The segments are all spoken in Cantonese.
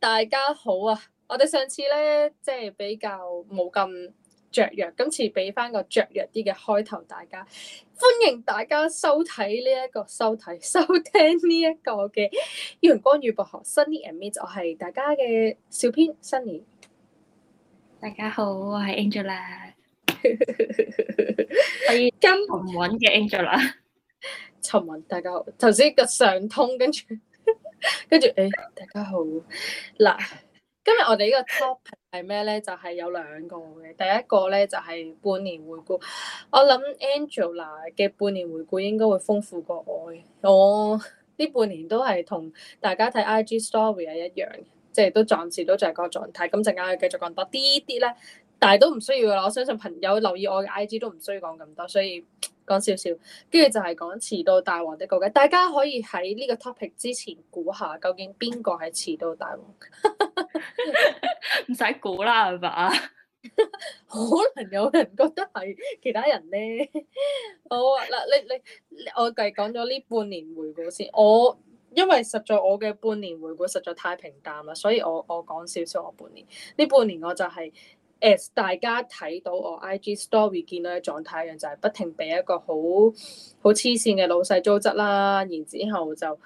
大家好啊！我哋上次咧即係比較冇咁雀躍，今次俾翻個雀躍啲嘅開頭。大家歡迎大家收睇呢一個收睇收聽呢一個嘅陽光與薄荷。Sunny and Mint，我係大家嘅小編 Sunny。大家好，我係 Angela，係金 天文穩嘅 Angela。陳文，大家好。頭先個上通跟住。跟住，誒、哎，大家好。嗱，今日我哋呢個 topic 係咩咧？就係、是、有兩個嘅。第一個咧就係、是、半年回顧。我諗 Angela 嘅半年回顧應該會豐富過我。我、哦、呢半年都係同大家睇 IG story 係一樣嘅，即係都暫時都是就係嗰個狀態。咁陣間我繼續講多啲啲咧，但係都唔需要啦。我相信朋友留意我嘅 IG 都唔需要講咁多，所以。講少少，跟住就係講遲到大王的告誡。大家可以喺呢個 topic 之前估下，究竟邊個係遲到大王？唔使估啦，係嘛？可能有人覺得係其他人咧。 好啊，嗱，你你我哋講咗呢半年回顧先。我因為實在我嘅半年回顧實在太平淡啦，所以我我講少少我半年。呢半年我就係、是。誒，As, 大家睇到我 IG story 見到嘅狀態一樣，就係不停俾一個好好黐線嘅老細糟質啦，然之後就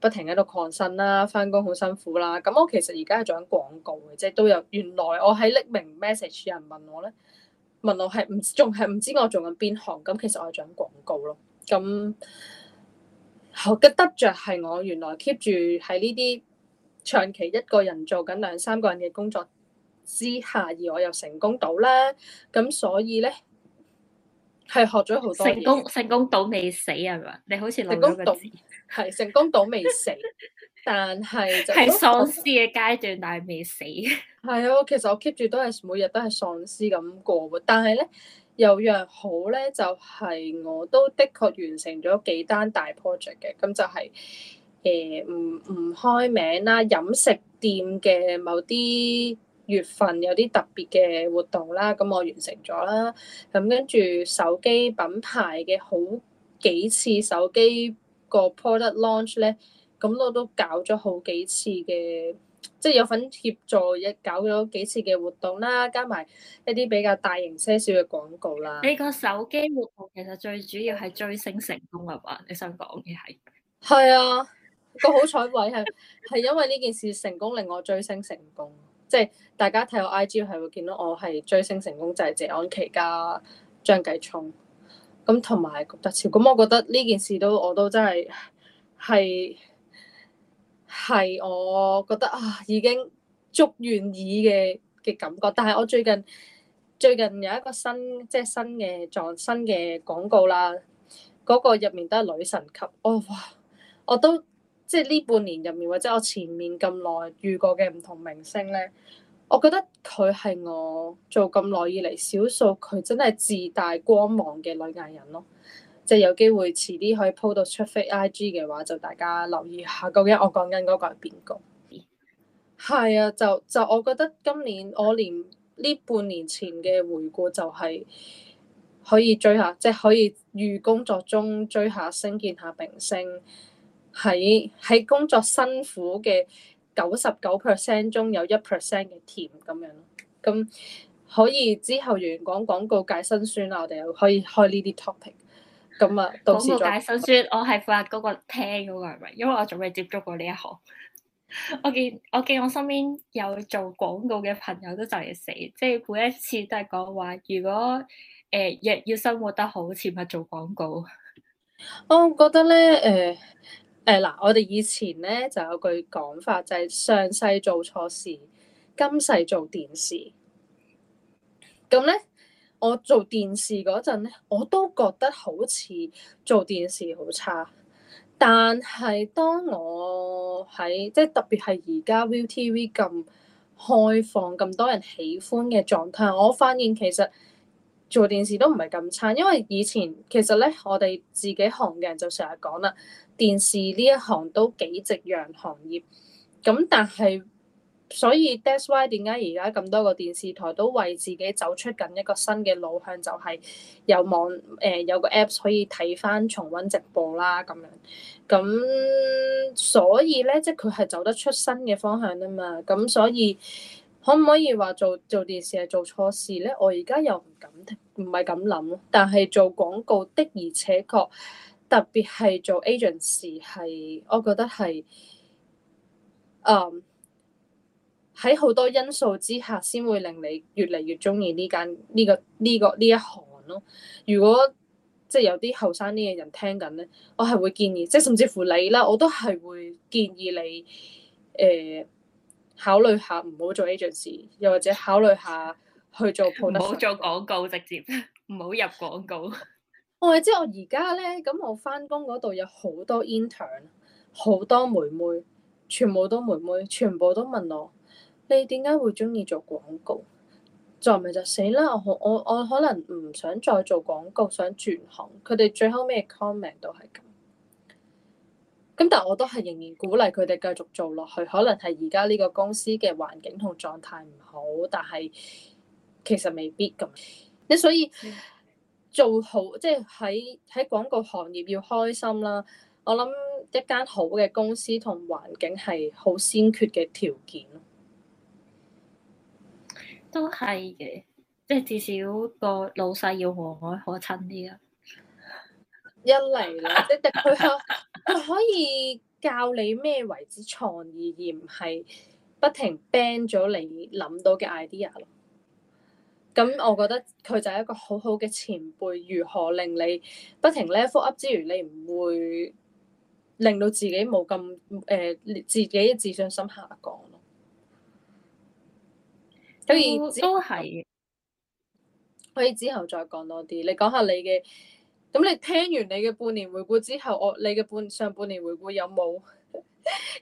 不停喺度擴身啦，翻工好辛苦啦。咁我其實而家係做緊廣告嘅，即係都有原來我喺匿名 message 有人問我咧，問我係唔仲係唔知我做緊邊行？咁其實我係做緊廣告咯。咁好嘅得着係我原來 keep 住喺呢啲長期一個人做緊兩三個人嘅工作。之下，而我又成功到啦，咁所以咧係學咗好多嘢，成功成功到未死係咪？你好似攞咗個字係成功到未死， 但係就係喪屍嘅階段，但係未死。係 啊，其實我 keep 住都係每日都係喪屍咁過喎。但係咧有樣好咧，就係、是、我都的確完成咗幾單大 project 嘅，咁就係誒唔唔開名啦，飲食店嘅某啲月份有啲特別嘅活動啦，咁我完成咗啦。咁跟住手機品牌嘅好幾次手機個 product launch 咧，咁我都搞咗好幾次嘅，即係有份協助嘅，搞咗幾次嘅活動啦，加埋一啲比較大型些少嘅廣告啦。你個手機活動其實最主要係追星成功啊嘛？你想講嘅係？係啊，個好彩位係，係因為呢件事成功令我追星成功。即係、就是、大家睇我 IG 係會見到我係追星成功，就係、是、謝安琪加張繼聰，咁同埋郭德綺。咁我覺得呢件事都我都真係係係我覺得啊已經足願意嘅嘅感覺。但係我最近最近有一個新即係、就是、新嘅撞新嘅廣告啦，嗰、那個入面都係女神級。我、哦、哇，我都～即係呢半年入面，或者我前面咁耐遇過嘅唔同明星咧，我覺得佢係我做咁耐以嚟少數佢真係自帶光芒嘅女藝人咯。即係有機會遲啲可以 po 到出 fit IG 嘅話，就大家留意下，究竟我講緊嗰個係邊個？係、嗯、啊，就就我覺得今年我連呢半年前嘅回顧就係可以追下，即係可以遇工作中追下，星，見下明星。喺喺工作辛苦嘅九十九 percent 中有一 percent 嘅甜咁樣咯，咁可以之後完講廣告界辛酸啊！我哋又可以開呢啲 topic，咁啊，到時再講。廣告界辛酸，我係發嗰個聽嗰、嗰個係咪？因為我仲未接觸過呢一行。 我見我見我身邊有做廣告嘅朋友都就嚟死，即係每一次都係講話，如果誒若、呃、要生活得好，似咪做廣告。我覺得咧誒。呃誒嗱，我哋以前咧就有句講法，就係、是、上世做錯事，今世做電視。咁咧，我做電視嗰陣咧，我都覺得好似做電視好差。但係當我喺即係特別係而家 ViuTV 咁開放、咁多人喜歡嘅狀態，我發現其實，做電視都唔係咁差，因為以前其實咧，我哋自己行嘅人就成日講啦，電視呢一行都幾夕陽行業，咁但係所以 That's why 點解而家咁多個電視台都為自己走出緊一個新嘅路向，就係、是、有網誒、呃、有個 apps 可以睇翻重溫直播啦咁樣，咁所以咧即佢係走得出新嘅方向啊嘛，咁所以。可唔可以話做做電視係做錯事咧？我而家又唔敢聽，唔係咁諗咯。但係做廣告的，而且確特別係做 agency 係，我覺得係誒喺好多因素之下，先會令你越嚟越中意呢間呢、這個呢、這個呢一行咯。如果即係有啲後生啲嘅人聽緊咧，我係會建議，即係甚至乎你啦，我都係會建議你誒。呃考慮下唔好做 agency，又或者考慮下去做 p r 唔好做廣告，直接唔好入廣告。 我知我而家咧，咁我翻工嗰度有好多 intern，好多妹妹，全部都妹妹，全部都問我，你點解會中意做廣告？做咪就死啦！我我我可能唔想再做廣告，想轉行。佢哋最後咩 comment 都係咁。咁但我都係仍然鼓勵佢哋繼續做落去，可能係而家呢個公司嘅環境同狀態唔好，但係其實未必咁。你所以做好即係喺喺廣告行業要開心啦。我諗一間好嘅公司同環境係好先決嘅條件。都係嘅，即係至少個老細要和藹可親啲啊。一嚟啦，滴，係佢可可以教你咩為之創意，而唔係不停 ban 咗你諗到嘅 idea 咯。咁我覺得佢就係一個好好嘅前輩，如何令你不停咧復 Up 之餘，你唔會令到自己冇咁誒自己嘅自信心下降咯。所以都係，可以之後再講多啲。你講下你嘅。咁你聽完你嘅半年回顧之後，我你嘅半上半年回顧有冇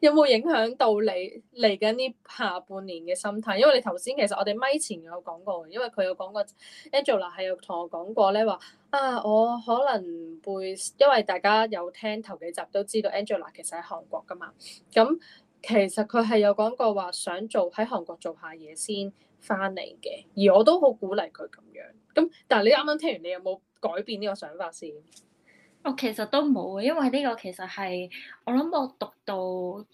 有冇 影響到你嚟緊呢下半年嘅心態？因為你頭先其實我哋咪前有講過，因為佢有講過 Angela 係有同我講過咧話啊，我可能會因為大家有聽頭幾集都知道 Angela 其實喺韓國㗎嘛，咁、嗯、其實佢係有講過話想做喺韓國做下嘢先翻嚟嘅，而我都好鼓勵佢咁樣。咁但係你啱啱聽完，你有冇？改變呢個想法先。我其實都冇，因為呢個其實係我諗我讀到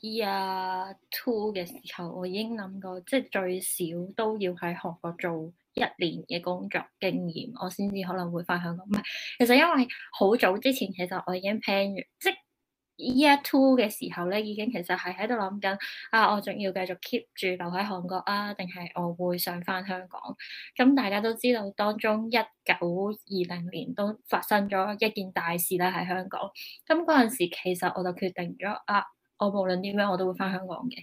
Year Two 嘅時候，我已經諗過，即係最少都要喺學校做一年嘅工作經驗，我先至可能會返香港。唔係，其實因為好早之前，其實我已經 plan 完，即 Year two 嘅時候咧，已經其實係喺度諗緊啊，我仲要繼續 keep 住留喺韓國啊，定係我會上返香港？咁、嗯、大家都知道當中一九二零年都發生咗一件大事喇喺香港。咁嗰陣時其實我就決定咗啊。我無論點樣我都會翻香港嘅，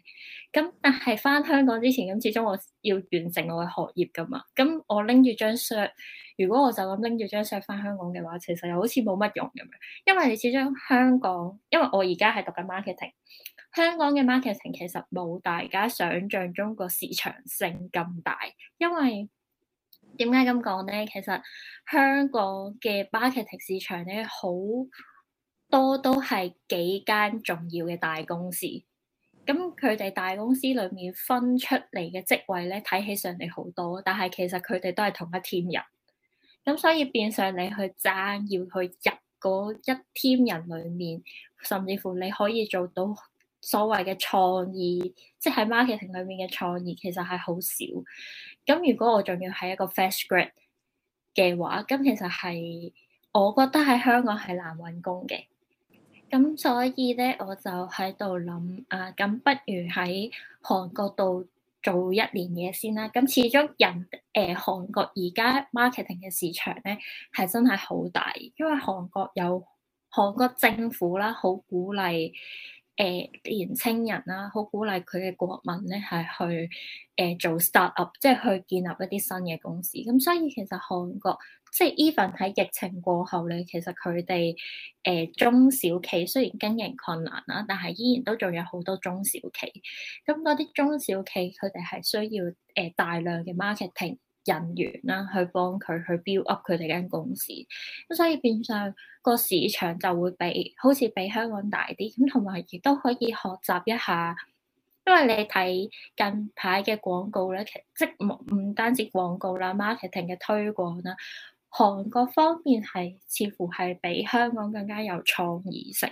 咁但係翻香港之前咁，始終我要完成我嘅學業噶嘛。咁我拎住張 cert，如果我就咁拎住張 cert 翻香港嘅話，其實又好似冇乜用咁樣，因為你始終香港，因為我而家係讀緊 marketing，香港嘅 marketing 其實冇大家想象中個市場性咁大，因為點解咁講咧？其實香港嘅 marketing 市場咧好多都係幾間重要嘅大公司，咁佢哋大公司裏面分出嚟嘅職位咧，睇起上嚟好多，但係其實佢哋都係同一 team 人，咁所以變相你去爭，要去入嗰一 team 人裏面，甚至乎你可以做到所謂嘅創意，即係 marketing 裏面嘅創意，其實係好少。咁如果我仲要係一個 fresh grad 嘅話，咁其實係我覺得喺香港係難揾工嘅。咁所以咧，我就喺度諗啊，咁不如喺韓國度做一年嘢先啦。咁始終人誒、呃、韓國而家 marketing 嘅市場咧係真係好大，因為韓國有韓國政府啦，好鼓勵誒、呃、年青人啦，好鼓勵佢嘅國民咧係去誒、呃、做 startup，即係去建立一啲新嘅公司。咁所以其實韓國。即係 even 喺疫情過後咧，其實佢哋誒中小企雖然經營困難啦，但係依然都仲有好多中小企。咁嗰啲中小企佢哋係需要誒、呃、大量嘅 marketing 人員啦，去幫佢去 build up 佢哋間公司。咁所以變相個市場就會比好似比香港大啲。咁同埋亦都可以學習一下，因為你睇近排嘅廣告咧，其即唔唔單止廣告啦，marketing 嘅推廣啦。韓國方面係似乎係比香港更加有創意性，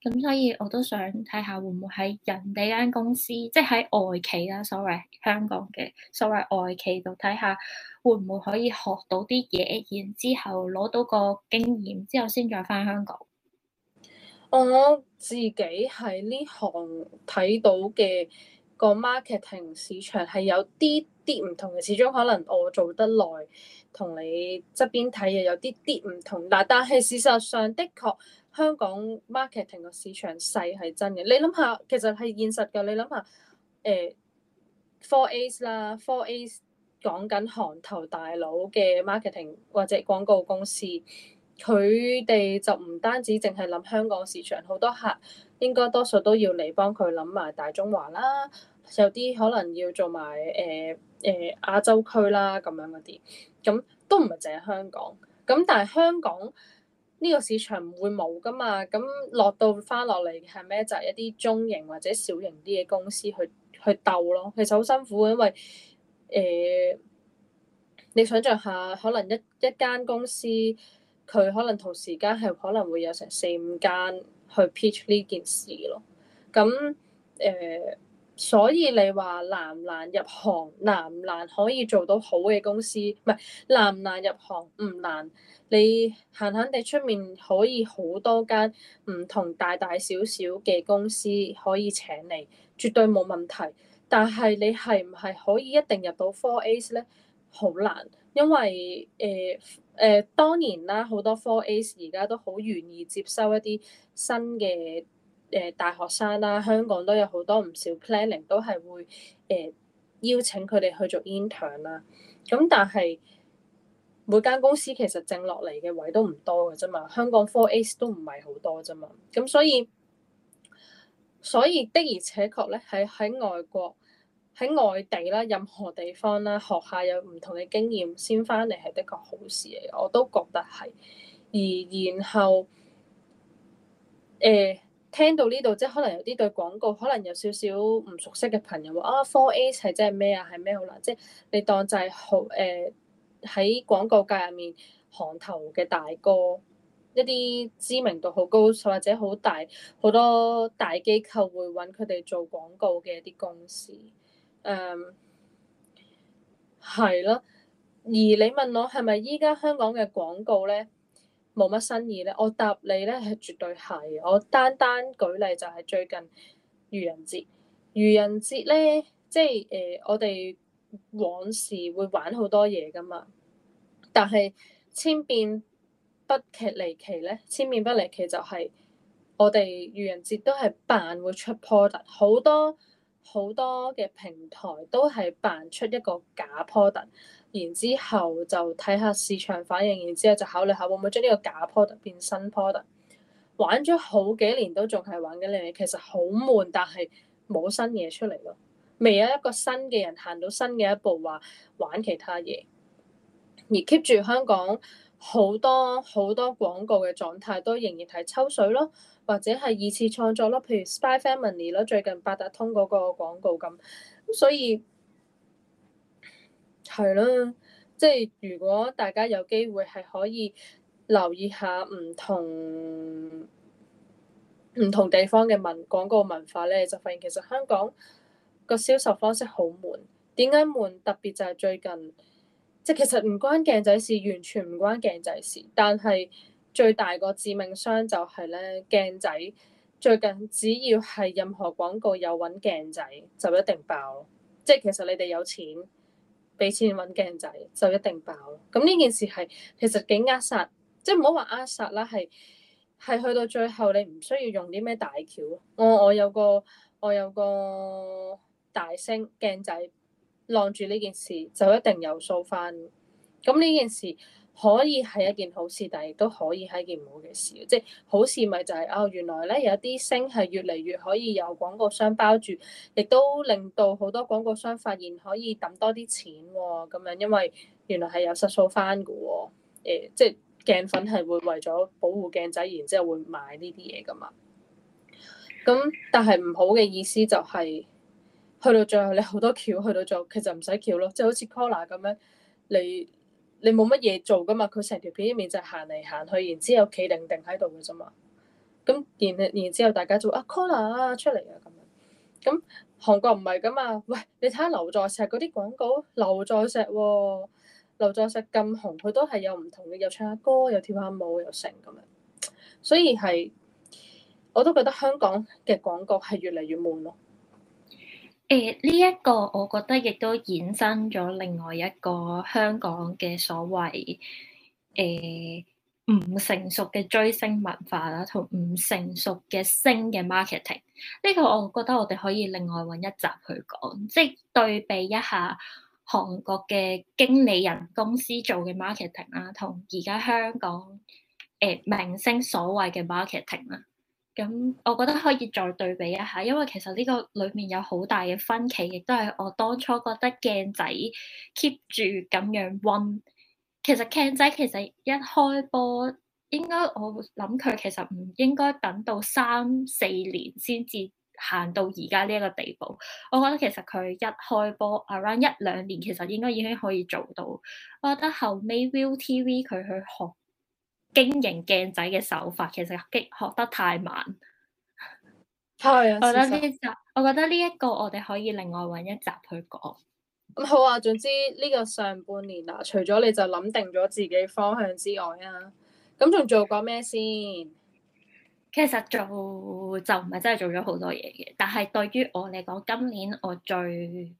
咁所以我都想睇下會唔會喺人哋間公司，即係喺外企啦，所 o 香港嘅所 o 外企度睇下會唔會可以學到啲嘢，然之後攞到個經驗之後先再翻香港。我自己喺呢行睇到嘅。個 marketing 市場係有啲啲唔同嘅，始終可能我做得耐，你點點同你側邊睇嘅有啲啲唔同。嗱，但係事實上的確香港 marketing 個市場細係真嘅。你諗下，其實係現實嘅。你諗下，誒 Four As 啦，Four As 講緊行頭大佬嘅 marketing 或者廣告公司。佢哋就唔單止淨係諗香港市場，好多客應該多數都要你幫佢諗埋大中華啦，有啲可能要做埋誒誒亞洲區啦咁樣嗰啲，咁都唔係淨係香港咁。但係香港呢個市場唔會冇噶嘛，咁落到翻落嚟係咩？就係一啲中型或者小型啲嘅公司去去鬥咯。其實好辛苦，因為誒，你想象下，可能一一間公司。佢可能同時間係可能會有成四五間去 pitch 呢件事咯，咁誒、呃，所以你話難唔難入行？難唔難可以做到好嘅公司？唔、呃、係難唔難入行？唔難，你閒閒地出面可以好多間唔同大大小小嘅公司可以請你，絕對冇問題。但係你係唔係可以一定入到 4A 咧？好難，因為誒，呃誒、呃、當然啦，好多 Four As 而家都好願意接收一啲新嘅誒、呃、大學生啦。香港都有好多唔少 planning 都係會誒、呃、邀請佢哋去做 intern 啦、啊。咁但係每間公司其實剩落嚟嘅位都唔多嘅啫嘛。香港 Four As 都唔係好多啫嘛。咁、啊、所以所以的而且確咧喺喺外國。喺外地啦，任何地方啦，學下有唔同嘅經驗先翻嚟，係的確好事嚟。我都覺得係。而然後誒、呃、聽到呢度，即係可能有啲對廣告，可能有少少唔熟悉嘅朋友話啊，4A 係即係咩啊？係咩好啦？即係你當就係好誒喺廣告界入面行頭嘅大哥，一啲知名度好高，或者好大好多大機構會揾佢哋做廣告嘅一啲公司。誒係咯，而你問我係咪依家香港嘅廣告咧冇乜新意咧？我答你咧，係絕對係。我單單舉例就係最近愚人節，愚人節咧即係誒、呃、我哋往時會玩好多嘢噶嘛，但係千變不劇離奇咧，千變不離奇就係我哋愚人節都係扮會出 product 好多。好多嘅平台都係扮出一個假 product，然之後就睇下市場反應，然之後就考慮下會唔會將呢個假 product 變新 product。玩咗好幾年都仲係玩緊呢嘢，其實好悶，但係冇新嘢出嚟咯，未有一個新嘅人行到新嘅一步話玩其他嘢，而 keep 住香港。好多好多廣告嘅狀態都仍然係抽水咯，或者係二次創作咯，譬如 Spy Family 咯，最近八達通嗰個廣告咁，咁所以係咯，即係如果大家有機會係可以留意下唔同唔同地方嘅文廣告文化咧，你就發現其實香港個銷售方式好悶，點解悶？特別就係最近。即其實唔關鏡仔事，完全唔關鏡仔事。但係最大個致命傷就係咧，鏡仔最近，只要係任何廣告有揾鏡仔，就一定爆。即係其實你哋有錢，俾錢揾鏡仔就一定爆。咁呢件事係其實幾扼殺，即係唔好話扼殺啦，係係去到最後你唔需要用啲咩大橋。我、哦、我有個我有個大聲鏡仔。晾住呢件事就一定有數翻，咁呢件事可以係一件好事，但係亦都可以係一件唔好嘅事。即係好事咪就係、是、哦，原來咧有啲星係越嚟越可以有廣告商包住，亦都令到好多廣告商發現可以揼多啲錢喎、哦。咁樣因為原來係有實數翻嘅喎，誒，即係鏡粉係會為咗保護鏡仔，然之後會買呢啲嘢噶嘛。咁但係唔好嘅意思就係、是。去到最後你好多橋，去到做其實唔使橋咯，即係好似 Koala 咁樣，你你冇乜嘢做噶嘛，佢成條片一面就行嚟行去，然之後企定定喺度嘅啫嘛。咁然然之後大家就啊 Koala 出嚟啊咁樣，咁韓國唔係噶嘛，喂你睇下劉在石嗰啲廣告，劉在石哦，劉在石咁紅，佢都係有唔同嘅，又唱下歌，又跳下舞，又成咁樣。所以係我都覺得香港嘅廣告係越嚟越悶咯。誒，呢一個我覺得亦都衍生咗另外一個香港嘅所謂誒唔、呃、成熟嘅追星文化啦，同唔成熟嘅星嘅 marketing。呢、這個我覺得我哋可以另外揾一集去講，即係對比一下韓國嘅經理人公司做嘅 marketing 啦，同而家香港誒、呃、明星所謂嘅 marketing 啦。咁，我覺得可以再對比一下，因為其實呢個裏面有好大嘅分歧，亦都係我當初覺得鏡仔 keep 住咁樣 run，其實鏡仔其實一開波，應該我諗佢其實唔應該等到三四年先至行到而家呢一個地步。我覺得其實佢一開波 around 一兩年，其實應該已經可以做到。我覺得後尾 ViuTV 佢去學。經營鏡仔嘅手法其實激學，學得太慢，係、哎。啊，我覺得呢集，我覺得呢一個我哋可以另外揾一集去講。咁好啊，總之呢個上半年啊，除咗你就諗定咗自己方向之外啊，咁仲做過咩先？其實做就唔係真係做咗好多嘢嘅，但係對於我嚟講，今年我最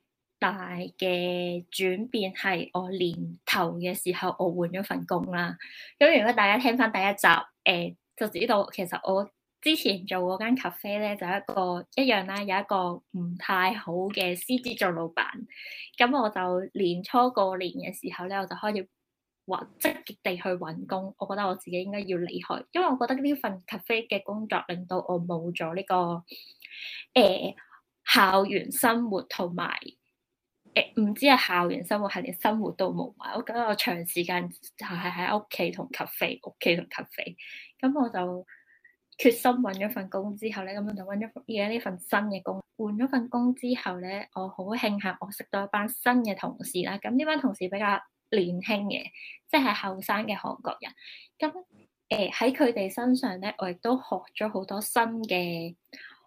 大嘅轉變係我年頭嘅時候，我換咗份工啦。咁如果大家聽翻第一集，誒、欸、就知道其實我之前做嗰間 cafe 咧，就一個一樣啦，有一個唔太好嘅獅子做老闆。咁我就年初過年嘅時候咧，我就開始揾積極地去揾工。我覺得我自己應該要離開，因為我覺得呢份 cafe 嘅工作令到我冇咗呢個誒、欸、校園生活同埋。誒，唔知係校園生活，係連生活都冇埋。我覺得我長時間就係喺屋企同咖啡，屋企同咖啡。咁我就決心揾咗份工之後咧，咁樣就揾咗而家呢份新嘅工。換咗份工之後咧，我好慶幸，我識到一班新嘅同事啦。咁呢班同事比較年輕嘅，即係後生嘅韓國人。咁誒喺佢哋身上咧，我亦都學咗好多新嘅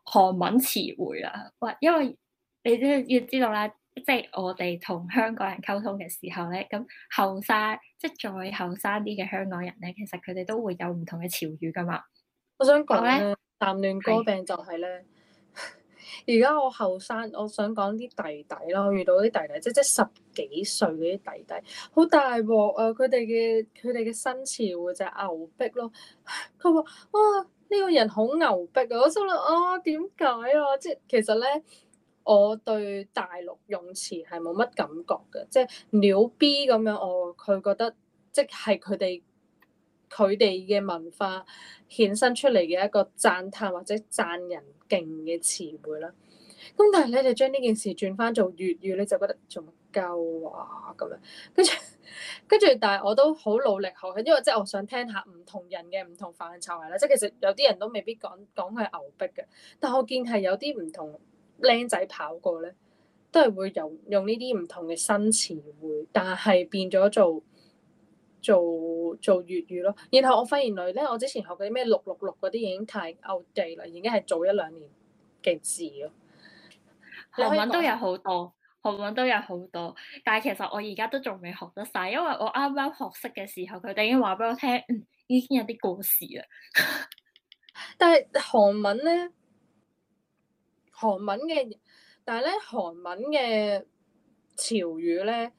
韓文詞彙啦。喂，因為你都要知道啦。即係我哋同香港人溝通嘅時候咧，咁後生，即係再後生啲嘅香港人咧，其實佢哋都會有唔同嘅潮語噶嘛。我想講咧，談亂歌病就係咧，而家我後生，我想講啲弟弟咯，遇到啲弟弟，即係即係十幾歲嗰啲弟弟，好大鑊啊！佢哋嘅佢哋嘅新詞彙就係牛逼咯。佢話哇，呢個人好牛逼啊！我心諗啊，點解啊？即係其實咧。我對大陸用詞係冇乜感覺嘅，即係鳥 B 咁樣，我佢覺得即係佢哋佢哋嘅文化衍生出嚟嘅一個讚歎或者讚人勁嘅詞彙啦。咁但係你哋將呢件事轉翻做粵語，你就覺得仲夠啊咁樣，跟住跟住，但係我都好努力學，因為即係我想聽下唔同人嘅唔同範疇係啦。即係其實有啲人都未必講講佢係牛逼嘅，但我見係有啲唔同。僆仔跑過咧，都係會用用呢啲唔同嘅新詞彙，但係變咗做做做粵語咯。然後我發現女咧，我之前學嗰啲咩六六六嗰啲已經太 out 地啦，已經係早一兩年嘅字咯。韓文都有好多，韓文都有好多，但係其實我而家都仲未學得晒，因為我啱啱學識嘅時候，佢哋已經話俾我聽，已經有啲故事啦。 但係韓文咧。韓文嘅，但係咧韓文嘅潮語咧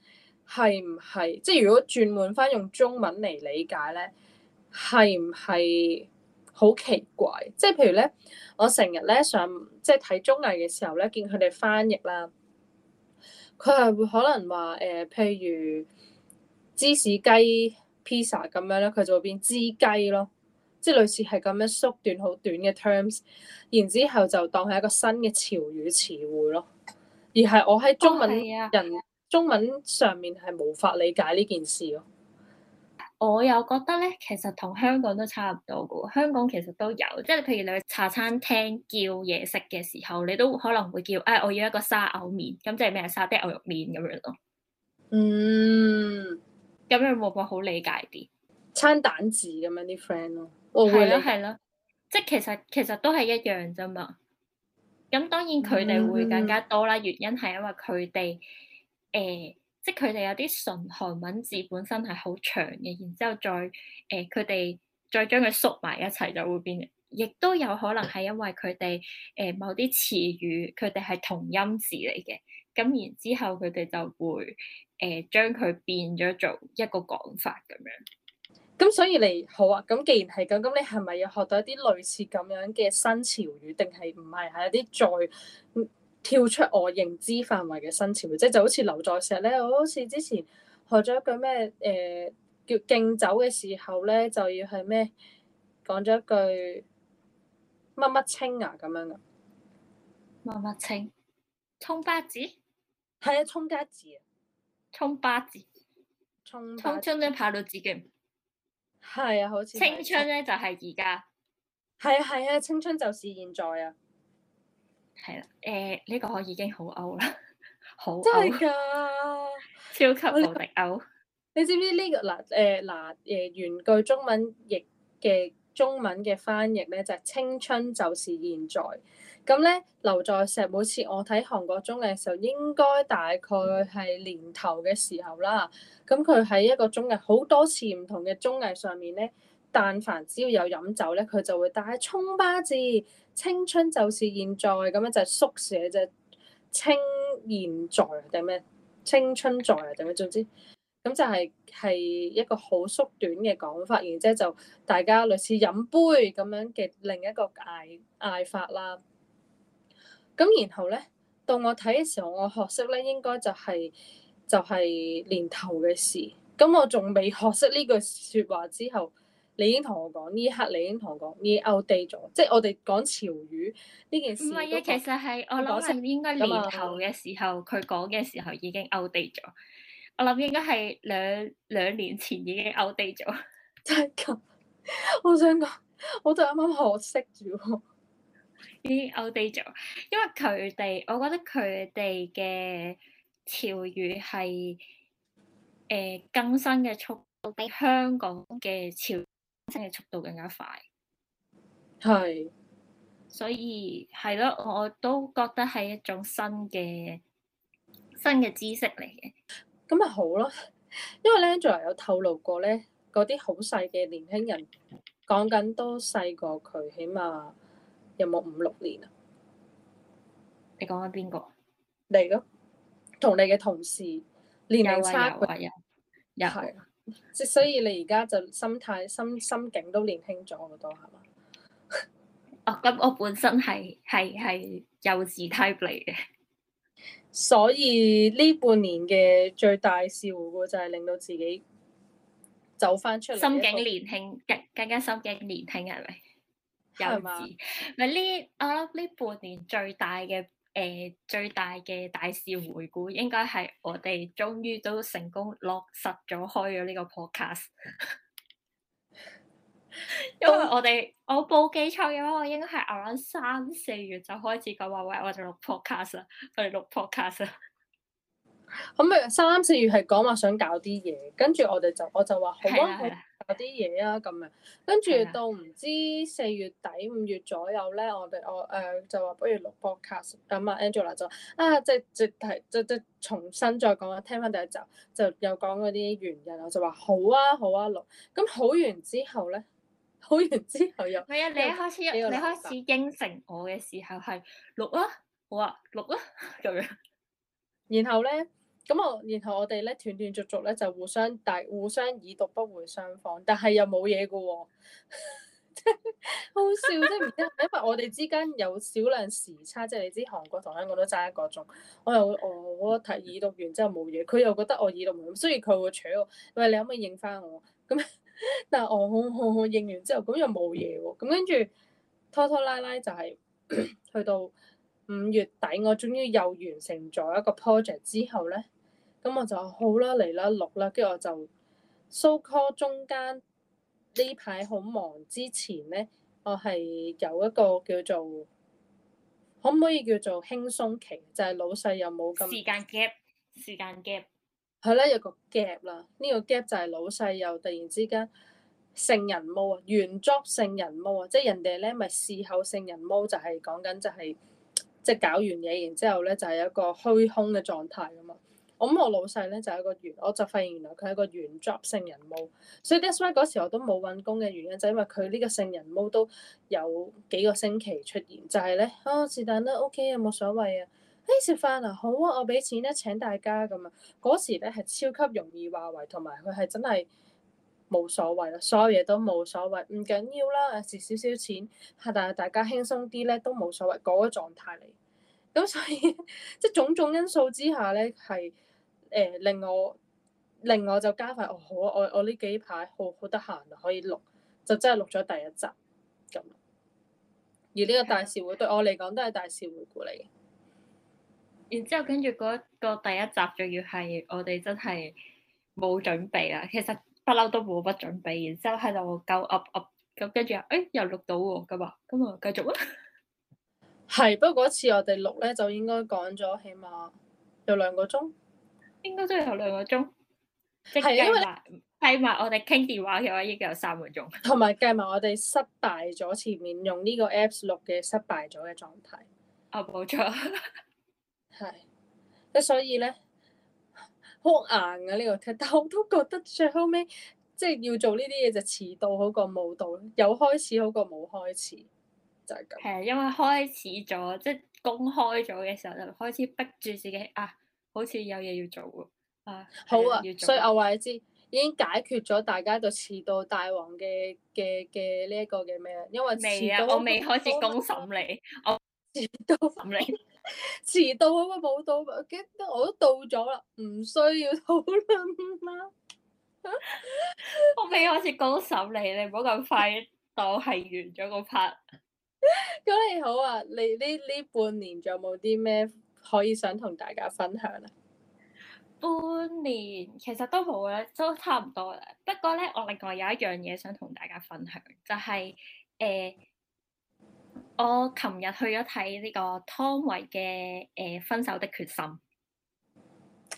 係唔係，即係如果轉換返用中文嚟理解咧，係唔係好奇怪？即係譬如咧，我成日咧上即係睇綜藝嘅時候咧，見佢哋翻譯啦，佢係會可能話誒、呃，譬如芝士雞 pizza 咁樣咧，佢就會變芝雞咯。即類似係咁樣縮短好短嘅 terms，然之後就當係一個新嘅潮語詞彙咯。而係我喺中文人、哦啊啊、中文上面係無法理解呢件事咯。我又覺得咧，其實同香港都差唔多㗎喎。香港其實都有，即係譬如你去茶餐廳叫嘢食嘅時候，你都可能會叫誒、哎，我要一個沙牛麵，咁即係咩沙爹牛肉麵咁樣咯。嗯，咁樣會唔會好理解啲？餐蛋字咁樣啲 friend 咯。係咯係咯，即係其實其實都係一樣啫嘛。咁當然佢哋會更加多啦，嗯、原因係因為佢哋誒，即係佢哋有啲純韓文字本身係好長嘅，然之後再誒佢哋再將佢縮埋一齊就會變。亦都有可能係因為佢哋誒某啲詞語佢哋係同音字嚟嘅，咁然之後佢哋就會誒將佢變咗做一個講法咁樣。咁所以你好啊，咁既然係咁，咁你係咪要學到一啲類似咁樣嘅新潮語，定係唔係係一啲再跳出我認知範圍嘅新潮語？即、就、係、是、就好似劉在石咧，我好似之前學咗一句咩誒、呃、叫敬酒嘅時候咧，就要係咩講咗一句乜乜青啊咁樣噶。乜乜青？葱巴子？係啊，葱巴子啊。葱巴子。葱。葱葱咧，跑到自己。係啊，好似青春咧就係而家，係啊係啊，青春就是現在啊，係啦，誒、呃、呢、這個我已經好歐啦，好真係噶，超級無敵歐、這個，你知唔知呢個嗱誒嗱誒原句中文譯嘅中文嘅翻譯咧就係、是、青春就是現在。咁咧劉在石母設，每次我睇韓國綜藝嘅時候，應該大概係年頭嘅時候啦。咁佢喺一個綜藝好多次唔同嘅綜藝上面咧，但凡只要有飲酒咧，佢就會帶沖巴字，青春就是現在咁樣就係、縮寫啫，青、就是、現在定咩青春在啊？定總之咁就係、係、係一個好縮短嘅講法，然之後就大家類似飲杯咁樣嘅另一個嗌嗌法啦。咁然後咧，到我睇嘅時候，我學識咧應該就係就係年頭嘅事。咁我仲未學識呢句説話之後，你已經同我講呢刻，你已經同我講你 out date 咗，即係我哋講潮語呢件事。唔係啊，其實係我諗係應該年頭嘅時候，佢講嘅時候已經 out date 咗。麼我諗應該係兩兩年前已經 out date 咗。真係咁，我想講，我都啱啱學識咗。啲歐洲，因為佢哋，我覺得佢哋嘅潮語係誒、呃、更新嘅速度比香港嘅潮語更新嘅速度更加快。係，所以係咯，我都覺得係一種新嘅新嘅知識嚟嘅。咁咪好咯、啊，因為 Landro 仲有透露過咧，嗰啲好細嘅年輕人講緊都細過佢，起碼。有冇五六年啊？你講緊邊個？你咯，同你嘅同事年齡差距又係即所以你而家就心態心心境都年輕咗好多，係嘛、哦？哦，咁、哦哦哦嗯、我本身係係係幼稚 type 嚟嘅，所以呢半年嘅最大笑就係、是、令到自己走翻出嚟，心境年輕，更，更加心境年輕，係咪？幼稚，咪呢？我諗呢半年最大嘅誒、呃，最大嘅大事回顧，應該係我哋終於都成功落實咗開咗呢個 podcast。 因為我哋我冇記錯嘅話，我應該係啱三四月就開始講話喂，我哋錄 podcast 啦，我哋錄 podcast 啦。咁咪三四月係講話想搞啲嘢，跟住我哋就我就話好啊，好搞啲嘢啊咁樣，跟住到唔知四月底五月左右咧，我哋我誒就話不如錄播卡咁啊，Angela 就啊即係即係即即重新再講，聽翻第一集就又講嗰啲原因，我就話好啊好啊錄，咁好完之後咧，好完之後又，係啊你一開始你開始，你開始應承我嘅時候係錄啊，好啊錄啊咁樣，然後咧。咁我，然後我哋咧斷斷續續咧就互相抵互相已讀不回雙方，但係又冇嘢嘅喎， 好笑即係！唔知因為我哋之間有少量時差，即係你知韓國同香港都爭一個鐘。我又我我，我提耳讀完之後冇嘢，佢又覺得我耳讀唔到，所以佢會扯我。喂，你可唔可以應翻我？咁但係我好好好應完之後，咁又冇嘢喎。咁跟住拖拖拉拉就係、是、 去到五月底，我終於又完成咗一個 project 之後咧。咁我就好啦，嚟啦錄啦，跟住我就 so call 中間呢排好忙之前咧，我係有一個叫做可唔可以叫做輕鬆期，就係、是、老細又冇咁時間 gap 時間 gap 係啦，有個 gap 啦。呢個 gap 就係老細又突然之間聖人模啊，原作聖人模啊，即係人哋咧咪事後聖人模，就係講緊就係即係搞完嘢，然之後咧就係、是、一個虛空嘅狀態啊嘛。我咁、嗯、我老細咧就係個原，我就發現原來佢係個原 job 聖人物，所以 despite 嗰時我都冇揾工嘅原因就係、是、因為佢呢個聖人物都有幾個星期出現，就係、是、咧哦是但啦，OK 有冇所謂啊？誒、哎、食飯啊好啊，我俾錢咧請大家咁啊，嗰時咧係超級容易話為同埋佢係真係冇所謂啦，所有嘢都冇所謂，唔緊要啦，蝕少，少少錢嚇，但係大家輕鬆啲咧都冇所謂，嗰、那個狀態嚟，咁所以 即係種種因素之下咧係。誒、欸、令我令我就加快哦，好啊！我我呢幾排好好得閒可以錄就真係錄咗第一集咁。而呢個大事會對我嚟講都係大事回顧嚟嘅。然之後跟住嗰、那個那個第一集仲要係我哋真係冇準備啊，其實不嬲都冇乜準備，然之後喺度鳩噏噏咁，跟住又又錄到喎咁啊，咁啊繼續啦。係，不過嗰次我哋錄咧就應該講咗起碼有兩個鐘。應該都係頭兩個鐘，即係因為計埋我哋傾電話嘅話，應該有三個鐘。同埋計埋我哋失敗咗前面用呢個 apps 錄嘅失敗咗嘅狀態。哦、錯 啊，冇錯。係，即所以咧好硬啊呢個踢，但我都覺得最後尾，即、就、係、是、要做呢啲嘢，就遲到好過冇到，有開始好過冇開始，就係、是、咁。係，因為開始咗，即、就、係、是、公開咗嘅時候，就開始逼住自己啊。好似有嘢要做喎，啊好啊，所以我話你知，已經解決咗，大家就遲到大王嘅嘅嘅呢一個嘅咩？因為未啊，我未開始公審你，我遲到審你，遲到啊嘛冇到，幾都我都到咗啦，唔需要討論啦。我未開始公審你，你唔好咁快當係完咗個 part。咁你好啊，你呢呢半年仲有冇啲咩？可以想同大家分享啊，半年其實都好啦，都差唔多啦。不過咧，我另外有一樣嘢想同大家分享，就係、是、誒、呃，我琴日去咗睇呢個湯唯嘅誒《分手的決心》。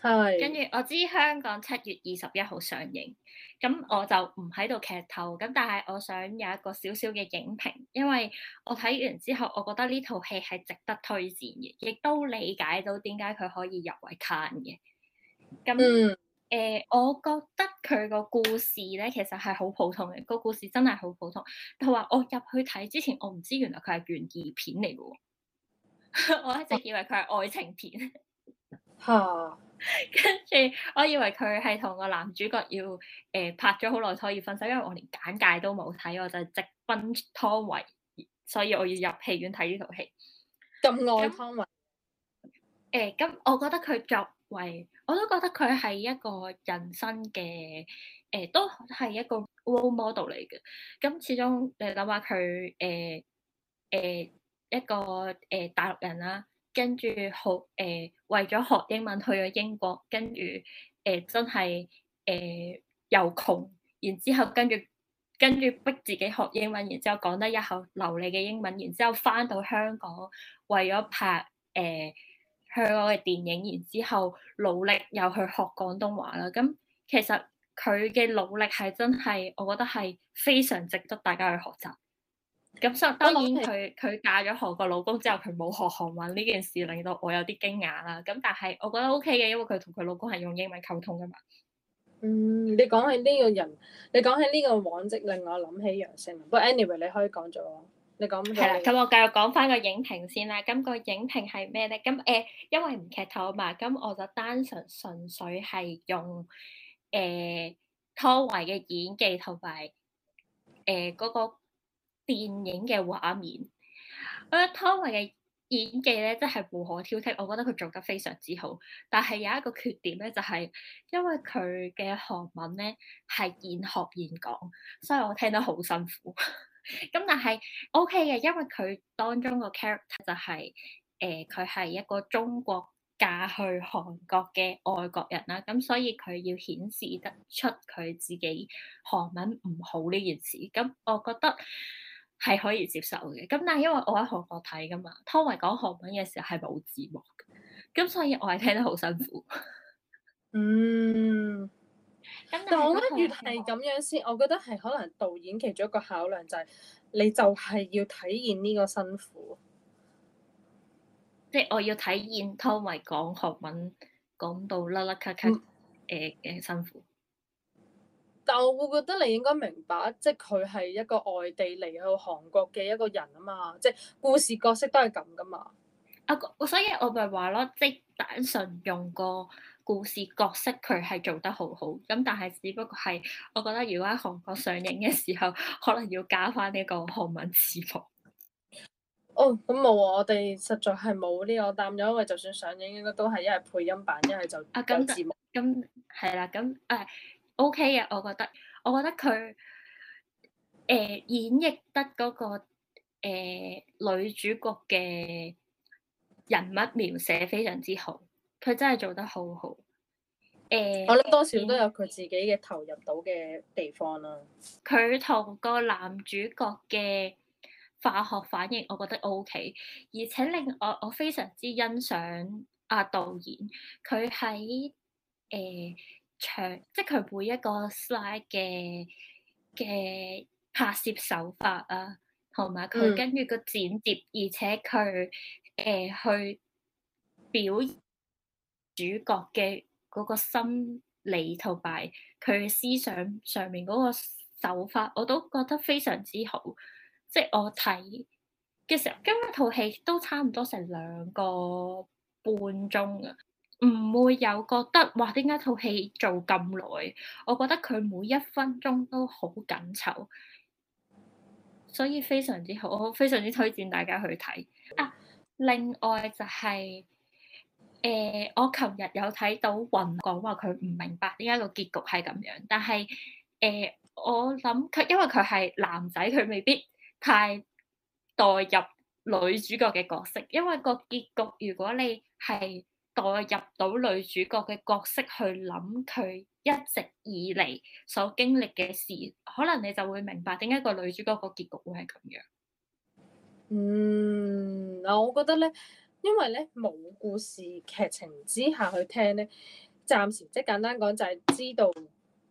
係，是跟住我知香港七月二十一號上映，咁我就唔喺度劇透。咁但係我想有一個小小嘅影評，因為我睇完之後，我覺得呢套戲係值得推薦嘅，亦都理解到點解佢可以入圍 can 嘅。咁誒、嗯呃，我覺得佢個故事咧，其實係好普通嘅，個故事真係好普通。佢話我入去睇之前，我唔知原來佢係懸疑片嚟嘅喎， 我一直以為佢係愛情片。嚇、啊、～ 跟住，我以為佢係同個男主角要誒、呃、拍咗好耐拖以分手，因為我連簡介都冇睇，我就直奔湯唯，所以我要入戲院睇呢套戲。咁耐湯唯？誒、嗯，咁、呃嗯嗯，我覺得佢作為，我都覺得佢係一個人生嘅誒、呃，都係一個 role model 嚟嘅。咁、嗯、始終你諗下佢誒誒一個誒、呃、大陸人啦，跟住好誒。呃為咗學英文去咗英國，跟住誒真係誒、呃、又窮，然之後跟住跟住逼自己學英文，然之後講得一口流利嘅英文，然之後返到香港為咗拍誒、呃、香港嘅電影，然之後努力又去學廣東話啦。咁、嗯、其實佢嘅努力係真係，我覺得係非常值得大家去學習。咁所以當然佢佢 Okay. 嫁咗韓國老公之後，佢冇學韓文呢件事令到我有啲驚訝啦。咁但係我覺得 O K 嘅，因為佢同佢老公係用英文溝通噶嘛。嗯，你講起呢個人，你講起呢個往績，令我諗起楊丞琳。不過 anyway，你可以講咗，你講係啊。咁我繼續講翻個影評先啦。咁、嗯、個影評係咩咧？咁、嗯、誒，因為唔劇透嘛，咁、嗯、我就單純純，純粹係用誒、嗯、湯唯嘅演技同埋誒嗰個。電影嘅畫面，我覺得湯唯嘅演技咧真係無可挑剔，我覺得佢做得非常之好。但係有一個缺點咧，就係、是、因為佢嘅韓文咧係現學現講，所以我聽得好辛苦。咁 但係 O K 嘅，因為佢當中個 character 就係誒佢係一個中國嫁去韓國嘅外國人啦，咁所以佢要顯示得出佢自己韓文唔好呢件事，咁我覺得。係可以接受嘅，咁但係因為我喺韓國睇㗎嘛，湯唯講韓文嘅時候係冇字幕，咁所以我係聽得好辛苦。嗯，但係、嗯、我覺得越係咁樣先，我覺得係可能導演其中一個考量就係、是，你就係要體現呢個辛苦，即係我要體現湯唯講韓文講到甩甩咳咳誒嘅辛苦。但我會覺得你應該明白，即係佢係一個外地嚟去韓國嘅一個人啊嘛，即係故事角色都係咁噶嘛。啊，所以我咪話咯，即係單純用個故事角色，佢係做得好好。咁但係只不過係，我覺得如果喺韓國上映嘅時候，可能要加返呢個韓文字幕。哦，咁冇啊，我哋實在係冇呢個擔憂，因為就算上映應該都係一係配音版，一係就啊，有字幕。咁係啦，咁啊。O K 嘅，我覺得我覺得佢誒、呃、演繹得嗰、那個、呃、女主角嘅人物描寫非常之好，佢真係做得好好。誒、呃，我諗多少都有佢自己嘅投入到嘅地方啦。佢同個男主角嘅化學反應，我覺得 O、okay, K，而且令我,我非常之欣賞阿、啊、導演，佢喺誒。呃長即係佢每一個 slide 嘅嘅拍攝手法啊，同埋佢跟住個剪接，嗯、而且佢誒、呃、去表主角嘅嗰個心理同埋佢思想上面嗰個手法，我都覺得非常之好。即係我睇嘅時候，今日套戲都差唔多成兩個半鐘啊。唔會有覺得，哇！點解套戲做咁耐？我覺得佢每一分鐘都好緊湊，所以非常之好，我非常之推薦大家去睇。啊，另外就係，誒，我琴日有睇到雲講話佢唔明白點解個結局係咁樣，但係誒，我諗佢因為佢係男仔，佢未必太代入女主角嘅角色，因為個結局如果你係，我入到女主角嘅角色去諗，佢一直以嚟所經歷嘅事，可能你就會明白點解個女主角個結局會係咁樣。嗯，嗱，我覺得咧，因為咧冇故事劇情之下去聽咧，暫時即係簡單講就係知道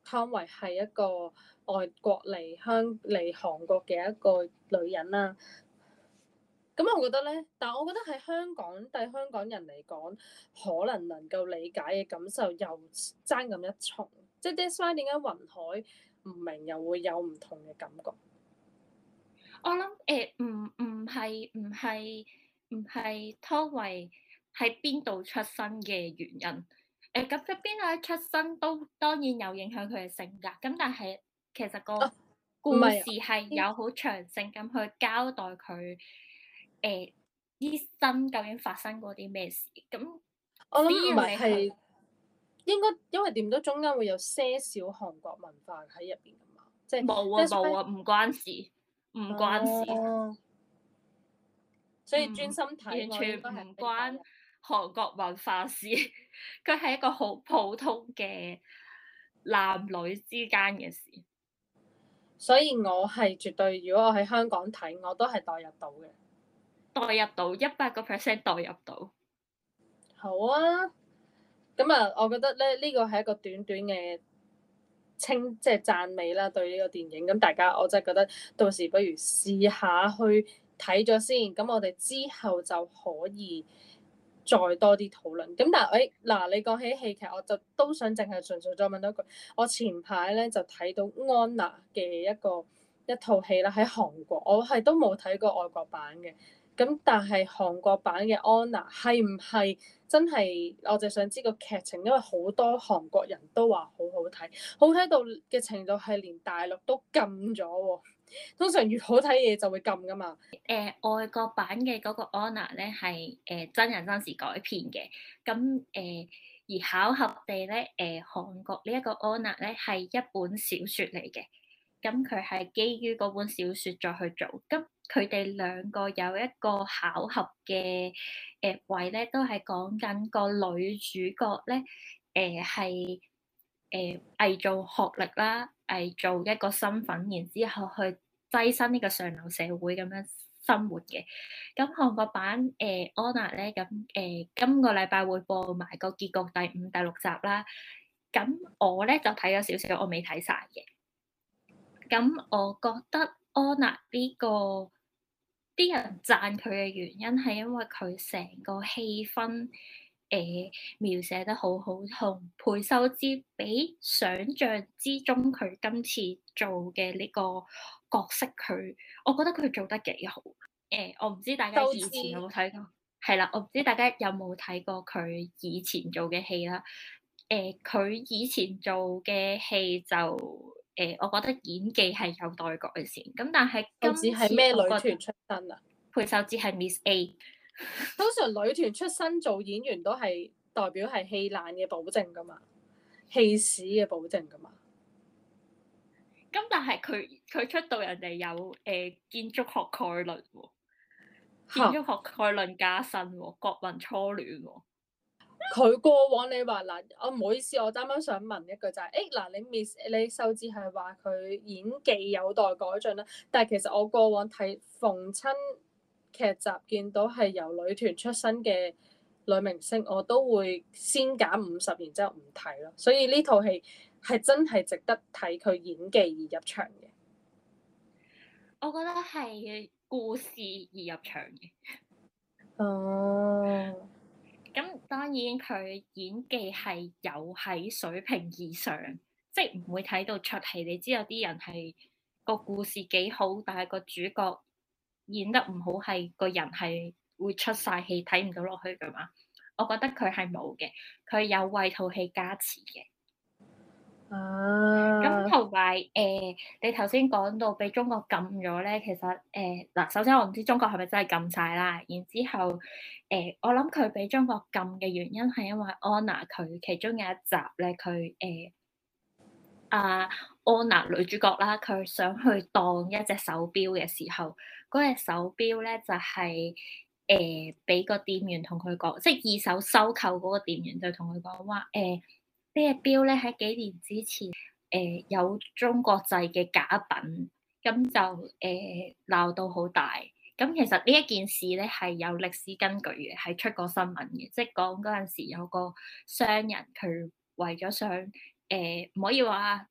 湯唯係一個外國嚟香嚟韓國嘅一個女人啦。咁我覺得咧，但係我覺得喺香港對香港人嚟講，可能能夠理解嘅感受又爭咁一重，即係 d 點解雲海唔明又會有唔同嘅感覺？我諗誒，唔唔係唔係唔係湯唯喺邊度出生嘅原因誒？咁喺邊度出生都當然有影響佢嘅性格，咁但係其實個故事係有好長性咁去交代佢。啊。誒、呃，醫生究竟發生過啲咩事？咁我諗唔係係應該，因為點都中間會有些少韓國文化喺入邊㗎嘛，嗯、即係冇啊冇啊，唔關事，唔關事，所以專心睇，嗯、完全唔關韓國文化事，佢係、嗯、一個好普通嘅男女之間嘅事，所以我係絕對，如果我喺香港睇，我都係代入到嘅。代入到一百個 percent，代入到好啊！咁啊，我覺得咧呢個係一個短短嘅稱，即係讚美啦。對呢個電影咁，大家我真係覺得到時不如試下去睇咗先。咁我哋之後就可以再多啲討論。咁但係誒嗱，你講起戲劇，我就都想淨係純粹再問多句。我前排咧就睇到安娜嘅一個一套戲啦，喺韓國，我係都冇睇過外國版嘅。咁但係韓國版嘅安娜係唔係真係？我就想知個劇情，因為好多韓國人都話好好睇，好睇到嘅程度係連大陸都禁咗喎。通常越好睇嘢就會禁㗎嘛。誒、呃，外國版嘅嗰、那個安娜咧係誒真人真事改編嘅，咁誒、呃、而巧合地咧，誒、呃、韓國、這個、呢一個安娜咧係一本小説嚟嘅，咁佢係基於嗰本小説再去做咁。佢哋兩個有一個巧合嘅誒位咧，都係講緊個女主角咧，誒係誒偽造學歷啦，偽造一個身份，然之後去躋身呢個上流社會咁樣生活嘅。咁韓國版誒安娜咧，咁、呃、誒、呃、今個禮拜會播埋個結局第五、第六集啦。咁我咧就睇咗少少，我未睇晒嘅。咁我覺得安娜呢個。啲人讚佢嘅原因係因為佢成個氣氛，誒、呃、描寫得好好，同裴秀智比想像之中，佢今次做嘅呢個角色，佢我覺得佢做得幾好。誒、呃，我唔知大家以前有冇睇過。係啦次，我唔知大家有冇睇過佢以前做嘅戲啦。誒、呃，佢以前做嘅戲就～誒、呃，我覺得演技係有待改善。咁但係，今次芝係咩女團出身啊？裴秀智係 Miss A。 通常女團出身做演員都係代表係戲爛嘅保證噶嘛，戲屎嘅保證噶嘛。咁、嗯、但係佢佢出道人哋有誒建築學概論喎，建築學概論， 學概論加新喎，國民初戀喎、哦。佢過往你話嗱，我、啊、唔好意思，我啱啱想問一句就係、是，誒、欸、嗱、啊，你 miss 你秀智係話佢演技有待改進啦，但係其實我過往睇逢親劇集見到係由女團出身嘅女明星，我都會先減五十，然之後唔睇咯。所以呢套戲係真係值得睇佢演技而入場嘅？我覺得係故事而入場嘅。哦。Oh. 咁當然佢演技係有喺水平以上，即係唔會睇到出戲。你知有啲人係個故事幾好，但係個主角演得唔好，係個人係會出晒戲，睇唔到落去㗎嘛。我覺得佢係冇嘅，佢有為套戲加持嘅。啊！咁同埋誒，你頭先講到俾中國禁咗咧，其實誒嗱、呃，首先我唔知中國係咪真係禁晒啦。然之後誒、呃，我諗佢俾中國禁嘅原因係因為安娜，佢其中有一集咧，佢誒、呃、啊安娜女主角啦，佢想去當一隻手錶嘅時候，嗰隻手錶咧就係誒俾個店員同佢講，即係二手收購嗰個店員就同佢講話誒。呃呢隻錶咧喺幾年之前，誒、呃、有中國製嘅假品，咁就誒鬧、呃、到好大。咁其實呢一件事咧係有歷史根據嘅，係出過新聞嘅，即係講嗰陣時有個商人佢為咗想誒，唔、呃、可以話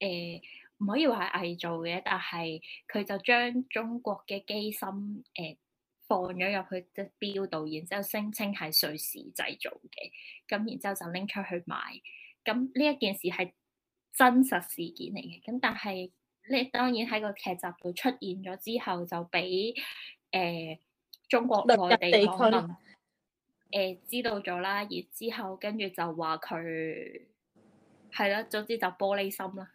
誒唔可以話係偽造嘅，但係佢就將中國嘅機芯誒。呃放咗入去隻錶度，然之後聲稱係瑞士製造嘅，咁然之後就拎出去賣。咁呢一件事係真實事件嚟嘅，咁但係呢當然喺個劇集度出現咗之後，就俾誒、呃、中國內地可能誒知道咗啦，然之後跟住就話佢係啦，總之就玻璃心啦。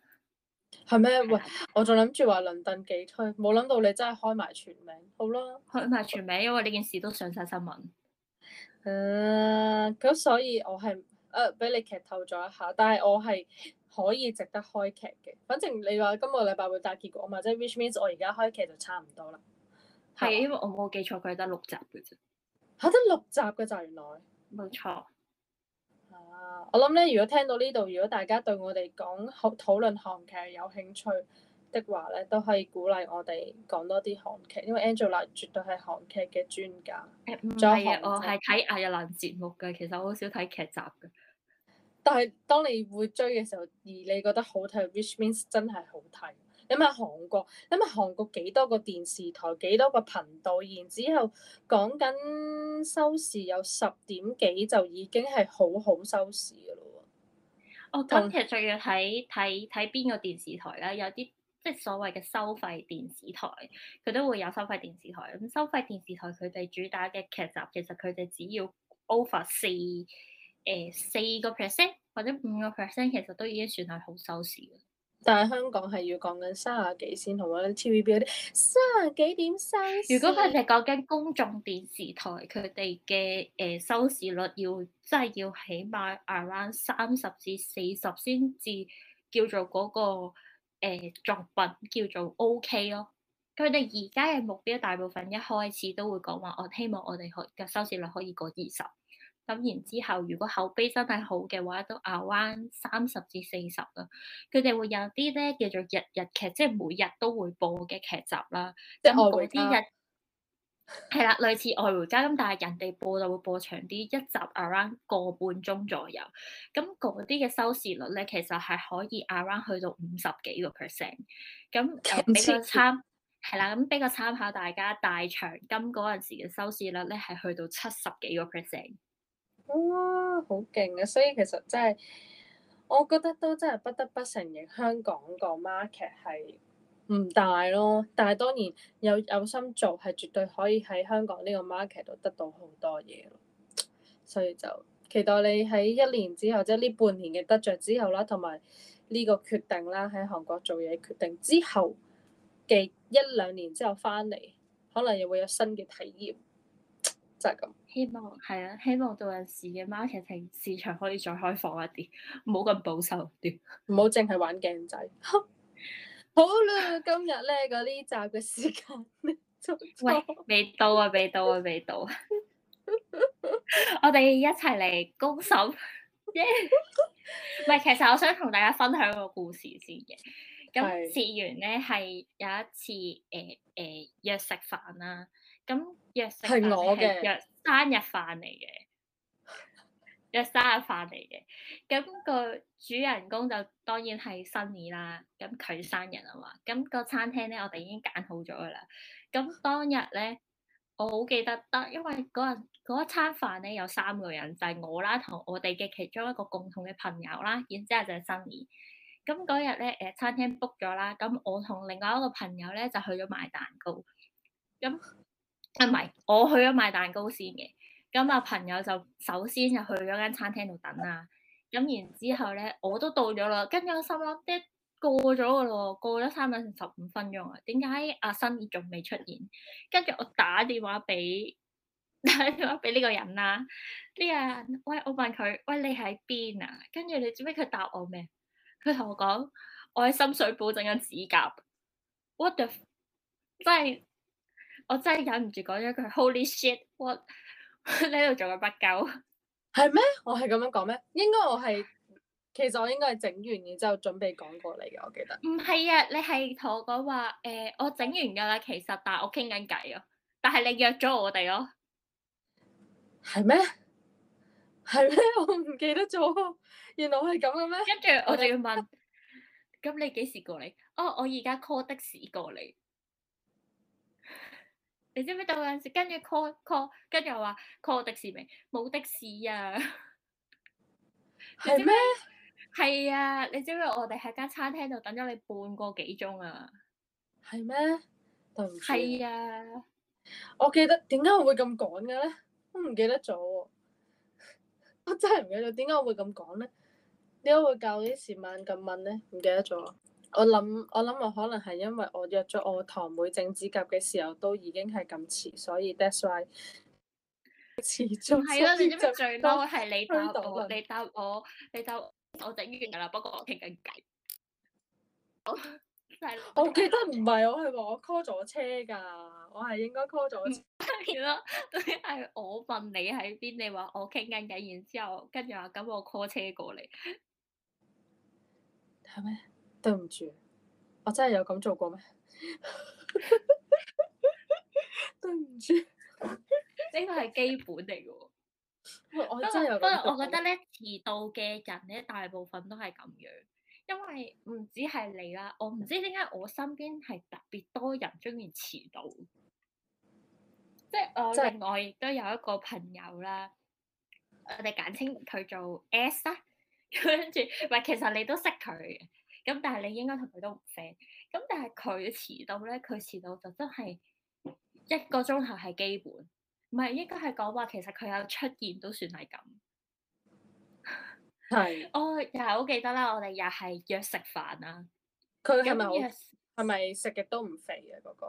係咩？喂，我仲諗住話倫敦幾推，冇諗到你真係開埋全名。好啦，開埋全名，因為呢件事都上晒新聞。啊，咁所以我係，誒、呃，俾你劇透咗一下，但係我係可以值得開劇嘅。反正你話今個禮拜會大結局啊嘛，即係 which means 我而家開劇就差唔多啦。係的，好因為我冇記錯佢係得六集嘅啫。吓，得六集嘅就原來。冇錯。我諗咧，如果聽到呢度，如果大家對我哋講討討論韓劇有興趣的話咧，都可以鼓勵我哋講多啲韓劇，因為 Angela 絕對係韓劇嘅專家。係啊、嗯，我係睇亞日蘭節目嘅，其實我好少睇劇集嘅。但係當你會追嘅時候，而你覺得好睇，which means 真係好睇。咁喺韓國，咁喺韓國幾多個電視台，幾多個頻道，然之後講緊收視有十點幾就已經係好好收視嘅咯喎。哦，咁其實要睇睇睇邊個電視台啦，有啲即係所謂嘅收費電，電視台，佢都會有收費電視台。咁收費電視台佢哋主打嘅劇集，其實佢哋只要 over 四誒四個 percent 或者五個 percent，其實都已經算係好收視。但係香港係要講緊卅幾先，同埋啲 TVB 嗰啲卅幾點三。如果佢哋講緊公眾電視台，佢哋嘅誒收視率要即係要起碼 around 三十至四十先至叫做嗰、那個誒、呃、作品叫做 OK 咯、哦。佢哋而家嘅目標大部分一開始都會講話，我希望我哋嘅收視率可以過二十。咁然之後，如果口碑真係好嘅話都，都 around 三十至四十啦。佢哋會有啲咧叫做日日劇，即係每日都會播嘅劇集啦。即係愛回家，係啦， 類似愛回家。咁但係人哋播就會播長啲，一集 around 一個半鐘左右。咁嗰啲嘅收視率咧，其實係可以 around 去到五十幾個 percent。咁俾個參係啦，咁俾個參考大家大長今嗰陣時嘅收視率咧，係去到七十幾個 percent。哇，好勁啊！所以其實真係，我覺得都真係不得不承認香港個 market 係唔大咯。但係當然有有心做係絕對可以喺香港呢個 market 度得到好多嘢咯。所以就期待你喺一年之後，即係呢半年嘅得着之後啦，同埋呢個決定啦，喺韓國做嘢決定之後嘅一兩年之後翻嚟，可能又會有新嘅體驗，就係咁。希望係啊，希望做人事嘅 marketing 市場可以再開放一啲，唔好咁保守啲，唔 好淨係玩鏡仔。好啦，今日咧嗰呢集嘅時間咧 喂，未到啊，未到啊，未到啊！ 我哋一齊嚟公審唔係，其實我想同大家分享個故事先嘅。咁志源咧係有一次誒誒、呃呃、約食飯啦，咁約食飯係我嘅。約生日飯 日生日飯嚟嘅，一生日飯嚟嘅。咁個主人公就當然係 Sunny 啦。咁佢生日啊嘛。咁、那個餐廳咧，我哋已經揀好咗噶啦。咁當日咧，我好記得得，因為嗰一、那個、餐飯咧有三個人，就係、是、我啦，同我哋嘅其中一個共同嘅朋友啦，然之後就係 Sunny。咁、那、嗰、個、日咧，誒餐廳 book 咗啦。咁我同另外一個朋友咧就去咗買蛋糕。咁唔係，我去咗買蛋糕先嘅，咁、嗯、啊朋友就首先就去咗間餐廳度等啦，咁然之後咧我都到咗咯，跟住我心諗，即係過咗個咯，過咗三到十五分鐘啊，點解阿 Sunny 仲未出現？跟住我打電話俾打電話俾呢個人啦，呢、這個、人喂，我問佢喂，你喺邊啊？跟住你知唔知佢答我咩？佢同我講我喺深水埗整緊指甲，what the 真係～我真係忍唔住講咗一句 Holy shit！what？你喺度做緊不夠？係咩？我係咁樣講咩？應該我係，其實我應該係整完，然之後準備講過嚟嘅。我記得唔係啊，你係同我講話誒，我整完噶啦，其實，但係我傾緊偈啊，但係你約咗我哋咯，係咩？係咩？我唔記得咗，原來我係咁嘅咩？跟住我哋要問，咁你幾時過嚟？哦，我而家 call 的士過嚟。你知唔知到嗰陣時，跟住 call call，跟住又話 call 的士未，冇的士啊！係 咩嗎？係 啊！你知唔知我哋喺間餐廳度等咗你半個幾鐘啊？係咩？對唔住！係啊！我記得點解我會咁講嘅咧？我唔記得咗 我真係唔記得點解我會咁講咧？點解會教啲時晚咁問咧？唔記得咗。我諗我諗，我可能係因為我約咗我堂妹整指甲嘅時候都已經係咁遲，所以 that's why 遲咗的。係啦以，你知唔知最多係你答我，你答我，你答我整完噶啦。不過我傾緊偈， 的我記得唔係我係話我 call 咗車噶，我係應該 call 咗。係啦，係、就是、我問你喺邊，你話我傾緊偈，然之後跟住話咁我 call 車過嚟，係咩？對唔住，我真係有咁做過咩？ 對唔住起，呢個係基本嚟嘅。不過不過，我覺得咧，遲到嘅人咧，大部分都係咁樣，因為唔止係你啦，我唔知點解我身邊係特別多人中意遲到。即係我另外亦都有一個朋友啦，的我哋簡稱佢做 S 啦，跟住唔係，其實你都識佢。咁但係你應該同佢都唔肥。r 咁但係佢遲到咧，佢遲到就真係一個鐘頭係基本，唔係應該係講話其實佢有出現都算係咁。係是。哦，又係好記得啦，我哋又係約食飯啦。佢係咪好？係咪食極都唔肥啊？嗰、那個。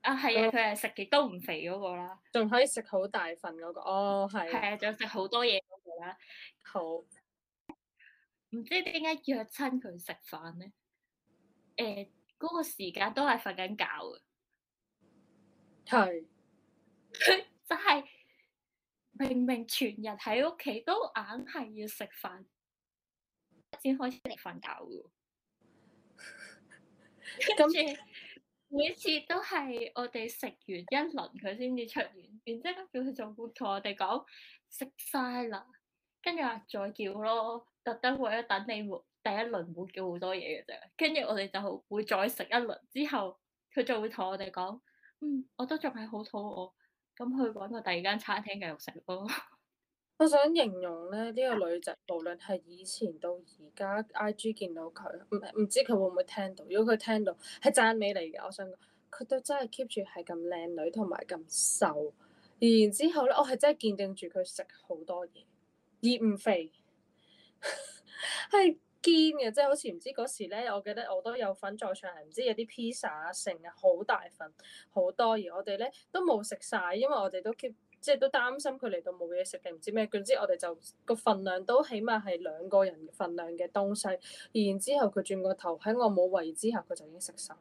啊，係啊，佢係食極都唔肥嗰、那個啦。仲可以食好大份嗰、那個，哦，係。係啊，仲要食好多嘢嗰、那個啦。好。唔知點解約親佢食飯呢？誒、欸，嗰、那個時間都係瞓緊覺嘅，係佢對就係、是、明明全日喺屋企，都硬係要食飯先開始嚟瞓覺嘅。咁住每次都係我哋食完一輪，佢先至出現，然之後佢就同我哋講食晒啦，跟住話再叫咯。特登為咗等你換第一輪唔會叫好多嘢嘅啫，跟住我哋就會再食一輪之後，佢就會同我哋講：嗯，我都仲係好肚餓，咁去揾個第二間餐廳繼續食咯。我想形容咧呢個女仔，無論係以前到而家 I G 見到佢，唔唔知佢會唔會聽到。如果佢聽到係讚美嚟嘅，我想講佢都真係 keep 住係咁靚女同埋咁瘦。然之後咧，我係真係見證住佢食好多嘢而唔肥。係堅嘅，即係 好似唔知嗰時咧，我記得我都有份在場，係唔知有啲披薩成日好大份，好多，而我哋咧都冇食晒，因為我哋都 keep 即係都擔心佢嚟到冇嘢食嘅，唔知咩，總之我哋就個份量都起碼係兩個人份量嘅東西，然之後佢轉個頭喺我冇位之下，佢就已經食晒。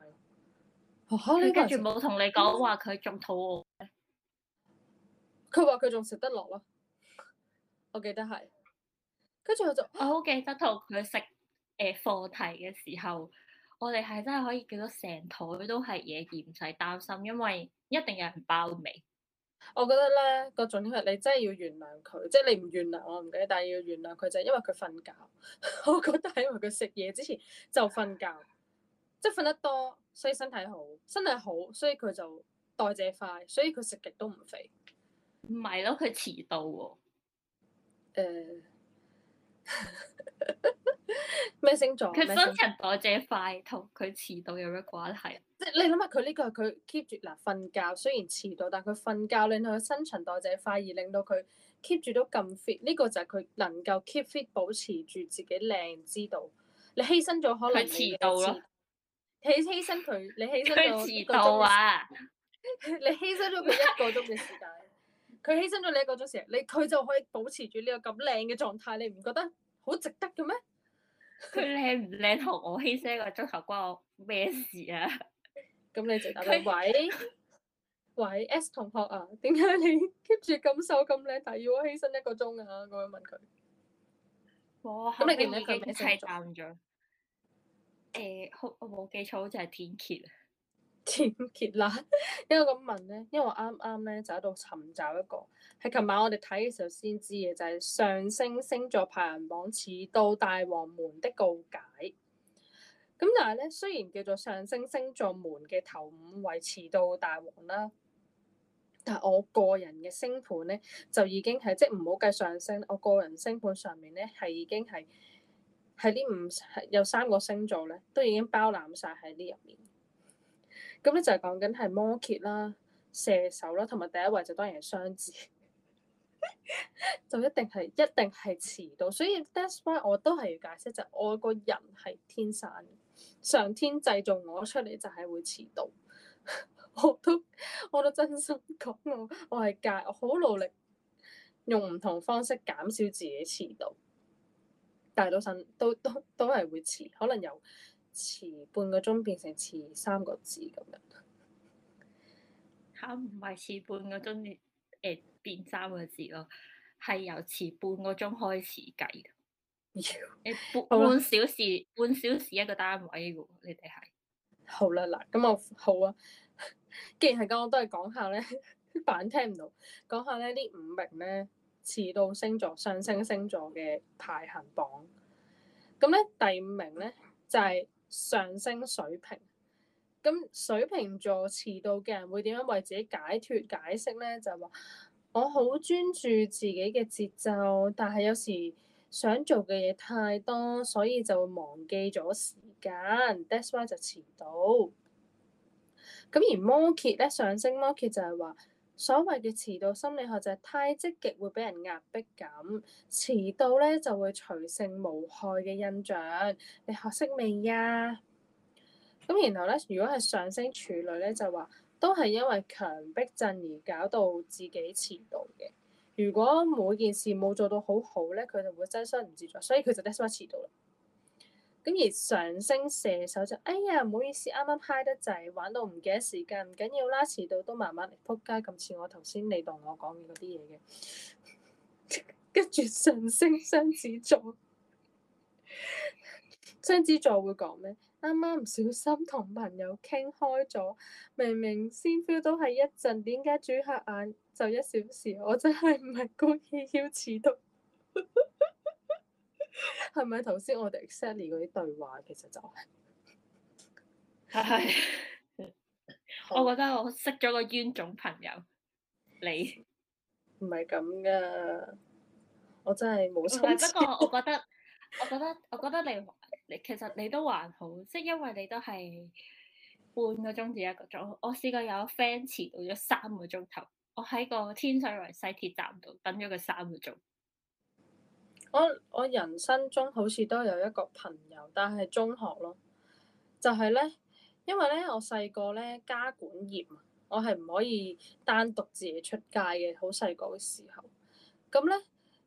吓、哦、你跟住冇同你講話佢咁肚餓，佢話佢仲食得落咯，我記得係。跟住我就，我好記得同佢食誒課題嘅時候，我哋係真係可以見到成枱都係嘢而唔使擔心，因為一定有人包尾。我覺得咧，個重點係你真係要原諒佢，即係你唔原諒我唔記得，但係要原諒佢就係因為佢瞓覺。 我覺得係因為佢食嘢之前就瞓覺，即係瞓得多，所以身體好，身體好，所以佢就代謝快，所以佢食極都唔肥。唔係咯，佢遲到喎、哦。呃咩 星座？佢新陳代謝快，同佢遲到有咩關係？即係你諗下，佢呢個係佢 keep 住嗱瞓覺，雖然遲到，但佢瞓覺令到佢新陳代謝快，而令到佢 keep 住到咁 fit。呢、這個就係佢能夠 keep fit，保持住自己靚之道。你犧牲咗可能佢遲到咯，你犧牲佢，你犧牲咗佢遲到啊， 你犧牲咗佢一個鐘嘅時間。 佢犧牲咗你一個鐘時，你佢就可以保持住呢個咁靚嘅狀態，你唔覺得好值得嘅咩？佢靚唔靚同我犧牲一個鐘頭關我咩事啊？咁、 嗯、你值得啦。喂喂，S 同學啊，點解你 keep 住咁瘦咁靚，但要我犧牲一個鐘啊？我會問佢。哇！咁你，你記唔記得佢名？係站咗。誒、呃，我我冇記錯好似係、就是、天蠍。點結啦？ 因為咁問咧，因為我啱啱咧就喺度尋找一個，喺琴晚我哋睇嘅時候先知嘅，就係、是、上升星座排行榜遲到大王們的告誡。咁但係咧，雖然叫做上升星座們嘅頭五位遲到大王啦，但我個人嘅星盤咧就已經係即係唔好計上升，我個人星盤上面咧係已經係喺呢五有三個星座咧，都已經包攬晒喺呢入面。咁咧就係講緊係摩羯啦、射手啦，同埋第一位就當然係雙子， 就一定係一定係遲到。所以 that's why 我都係要解釋就我個人係天生，上天製造我出嚟就係會遲到。 我都我都真心講我，我係戒，我好努力用唔同方式減少自己遲到，但係都神都都都係會遲，可能有。遲半個鐘變成遲三個字咁樣，吓唔係遲半個鐘，誒、欸、變三個字咯，係由遲半個鐘開始計。你、欸、半，啦半小時，半小時一個單位噶，你哋係。好啦嗱，咁我好啊。既然係咁，我都係講下咧，啲版聽唔到，講下咧呢五名咧，遲到星座上升星，星座嘅排行榜。咁咧第五名咧就係、是。上升水平，咁水瓶座遲到嘅人會點樣為自己解脫解釋咧？就係話我好專注自己嘅節奏，但係有時想做嘅嘢太多，所以就會忘記咗時間，that's why 就遲到。咁而摩羯咧，上升摩羯就係話。所謂嘅遲到心理學就係太積極會俾人壓迫感，遲到咧就會隨性無害嘅印象。你學識未啊？咁然後咧，如果係上升處女咧，就話都係因為強迫症而搞到自己遲到嘅。如果每件事冇做到好好咧，佢就會真心唔自在，所以佢就得遲到啦。咁而上升射手就，哎呀，唔好意思，啱啱嗨得滯，玩到唔記得時間，唔緊要啦，遲到都慢慢嚟。撲街，咁似我頭先你同我講嘅嗰啲嘢嘅，跟 住上升雙子座，雙 子座會講咩？啱啱唔小心同朋友傾開咗，明明先 feel 都係一陣，點解轉黑眼就一小時？我真係唔係故意要遲到。 係咪頭先我哋 Excel 嗰啲對話，其實就係，係，我覺得我識咗個冤種朋友，你，唔係咁噶，我真係冇心 不。不過我覺得，我覺得，我覺得你，你其實你都還好，即係因為你都係半個鐘至一個鐘，我試過有個 friend 遲到咗三個鐘頭，我喺個天水圍西鐵站度等咗佢三個鐘。我我人生中好似都有一個朋友，但係中學咯，就係咧，因為咧我細個咧家管嚴，我係唔可以單獨自己出街嘅。好細個嘅時候，咁咧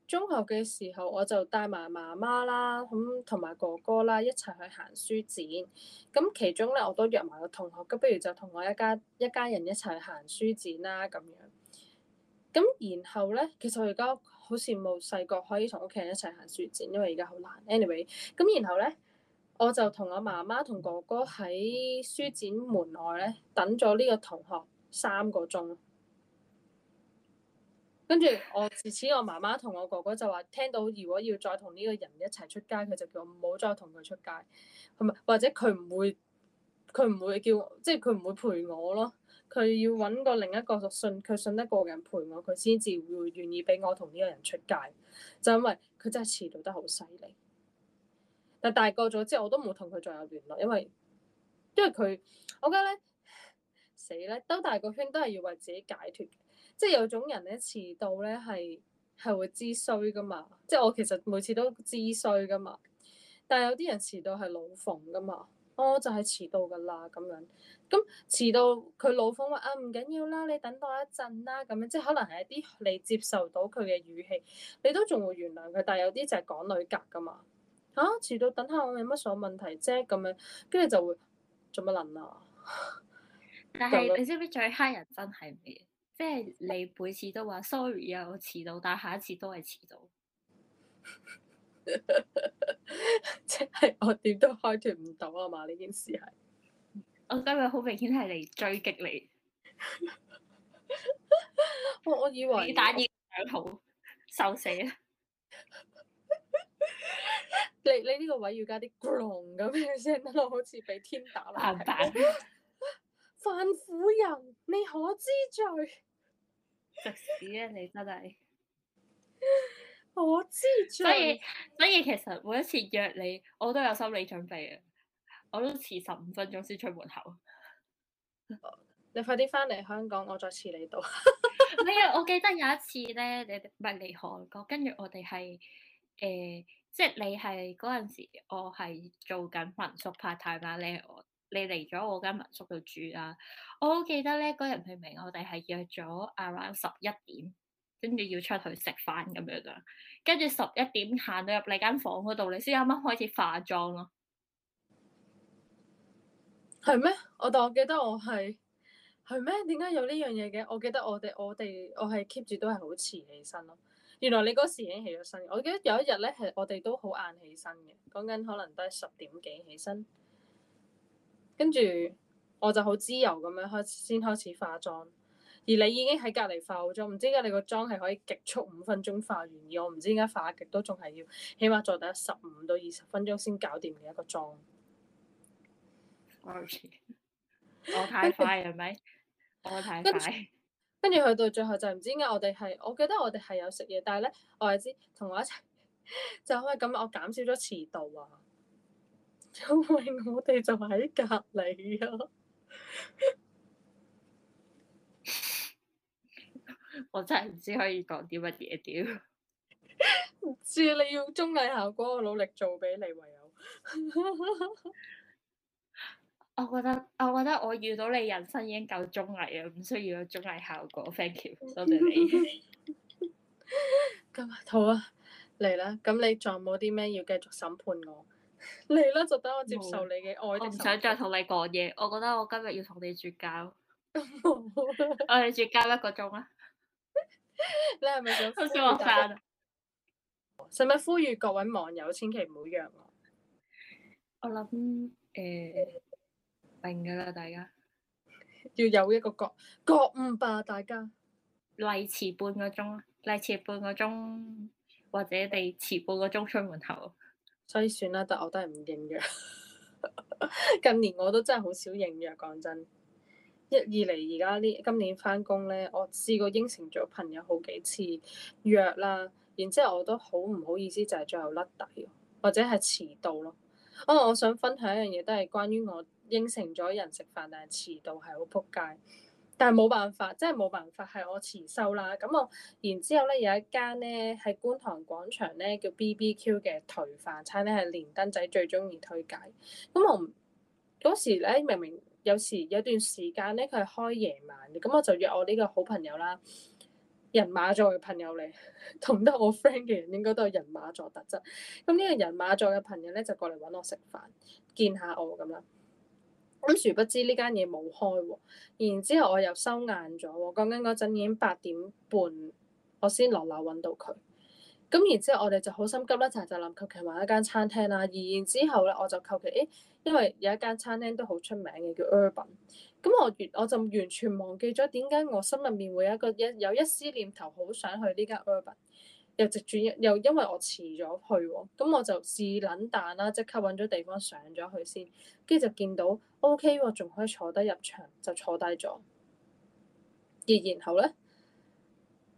中學嘅時候，我就帶埋媽媽啦，咁同埋哥哥啦一齊去行書展。咁其中咧我都約埋個同學，咁不如就同我一家一家人一齊去行書展啦咁樣。咁然後咧，其實我而家，好羨慕細個可以同屋企人一齊行書展，因為而家好難。Anyway，咁然後咧，我就同我媽媽同哥哥喺書展門外咧等咗呢個同學三個鐘。跟住我自此我媽媽同我哥哥就話聽到，如果要再同呢個人一齊出街，佢就叫我唔好再同佢出街，同埋或者佢唔會佢唔會叫我，即係佢唔會陪我咯。佢要揾個另一個信，佢信得過嘅人陪我，佢先至會願意俾我同呢個人出街，就因為佢真係遲到得好犀利。但大個咗之後，我都冇同佢再有聯絡，因為因為佢，我覺得咧死咧兜大個圈都係要為自己解脫。即係有種人咧遲到咧，係係會知衰噶嘛，即係我其實每次都知衰噶嘛，但係有啲人遲到係老馮噶嘛。我、oh, 就係遲到噶啦，咁樣，咁遲到佢老闆話啊，唔緊要啦，你等待一陣啦，咁樣，樣，即係可能係一啲你接受到佢嘅語氣，你都仲會原諒佢，但係有啲就係講女格噶嘛，嚇、啊、遲到等下我有乜所謂問題啫，咁樣，跟住就會做乜諗啊？但係你知唔知最蝦人真係咩？即、就、係、是、你每次都話 sorry 啊，我遲到，但下一次都係遲到。 即係我點都開脫唔到啊嘛！呢件事係我今日好明顯，係嚟追擊你。 我以為你， 你打二好，受死啦！ 你你呢個位要加啲 grow 咁嘅聲得咯，好似俾天打爛。犯婦辦 人，你可知罪？食 屎啊你真係！我知，所以所以其實每一次約你，我都有心理準備啊！我都遲十五分鐘先出門口，你快啲翻嚟香港，我再遲你到。 你係啊，我記得有一次咧，你唔係嚟韓國，跟住我哋係誒，即係你係嗰陣時我我，我係做緊民宿 part time，你你嚟咗我間民宿度住啦。我好記得咧嗰日明明我哋係約咗 around 十一點。跟住要出去食飯咁樣噶，跟住十一點行到入你間房嗰度，你先啱啱開始化妝咯。係咩？我但係我記得我係，係咩？點解有呢樣嘢嘅？我記得我哋我哋我係 keep 住都係好遲起身咯。原來你嗰時已經起咗身，我記得有一日咧係我哋都好晏起身嘅，講緊可能都係十點幾起身，跟住我就好自由咁樣開始先開始化妝。而你已經喺隔離化好妝，唔知點解你個妝係可以極速五分鐘化完，而我唔知點解化極都仲係要，起碼再等十五到二十分鐘先搞掂嘅一個妝。我太快係咪？我太快。跟住去到最後就係唔知點解我哋係，我記得我哋係有食嘢，但係咧，我係知同我一齊就可以咁，我減少咗遲到啊，因 為我哋就喺隔離啊。 我真係唔知可以講啲乜嘢。屌，唔知你要綜藝效果，我努力做俾你，唯有。 我覺得我覺得我遇到你人生已經夠綜藝啊，唔需要有綜藝效果，thank you，多謝你。咁 好啊，嚟啦，咁你仲有冇啲咩要繼續審判我？嚟啦，就等我接受你嘅愛的審判。唔想再同你講嘢，我覺得我今日要同你絕交。我哋絕交一個鐘啦。 你係咪想先望下啊？使咪呼籲各位網友千祈唔好約我。我諗誒，明噶啦，大家要有一個覺覺悟吧，大家。嚟遲半個鐘，嚟遲半個鐘，或者你遲半個鐘出門口。所以算啦，但我都係唔認約 近年我都真係好少認約，講真。一二嚟而家呢今年翻工咧，我試過應承咗朋友好幾次約啦，然之後我都好唔好意思，就係、是、最後甩底，或者係遲到咯。哦，我想分享一樣嘢，都係關於我應承咗人食飯，但係遲到係好撲街，但係冇辦法，真係冇辦法係我遲收啦。咁我然之後咧有一間咧喺觀塘廣場咧叫 BBQ 嘅頹飯餐咧係連登仔最中意推介。咁我嗰時咧明明。有時有段時間咧，佢係開夜晚嘅，咁我就約我呢個好朋友啦，人馬座嘅朋友嚟，同得我 friend 嘅人應該都係人馬座特質。咁呢個人馬座嘅朋友咧，就過嚟揾我食飯，見下我咁啦。咁殊不知呢間嘢冇開喎，然之後我又收晏咗喎。講緊嗰陣已經八點半，我先落樓揾到佢。咁然之後我哋就好心急啦，就是、就諗求其買一間餐廳啦。而然之後咧，我就求其誒，因為有一間餐廳都好出名嘅，叫 Urban。咁我完，我就完全忘記咗點解我心入面會有一個有有一絲念頭好想去呢間 Urban，又直轉，又因為我遲咗去喎，咁我就自卵蛋啦，即刻揾咗地方上咗去先，跟住就見到 OK 喎，仲可以坐低入場，就坐低咗。而然後咧？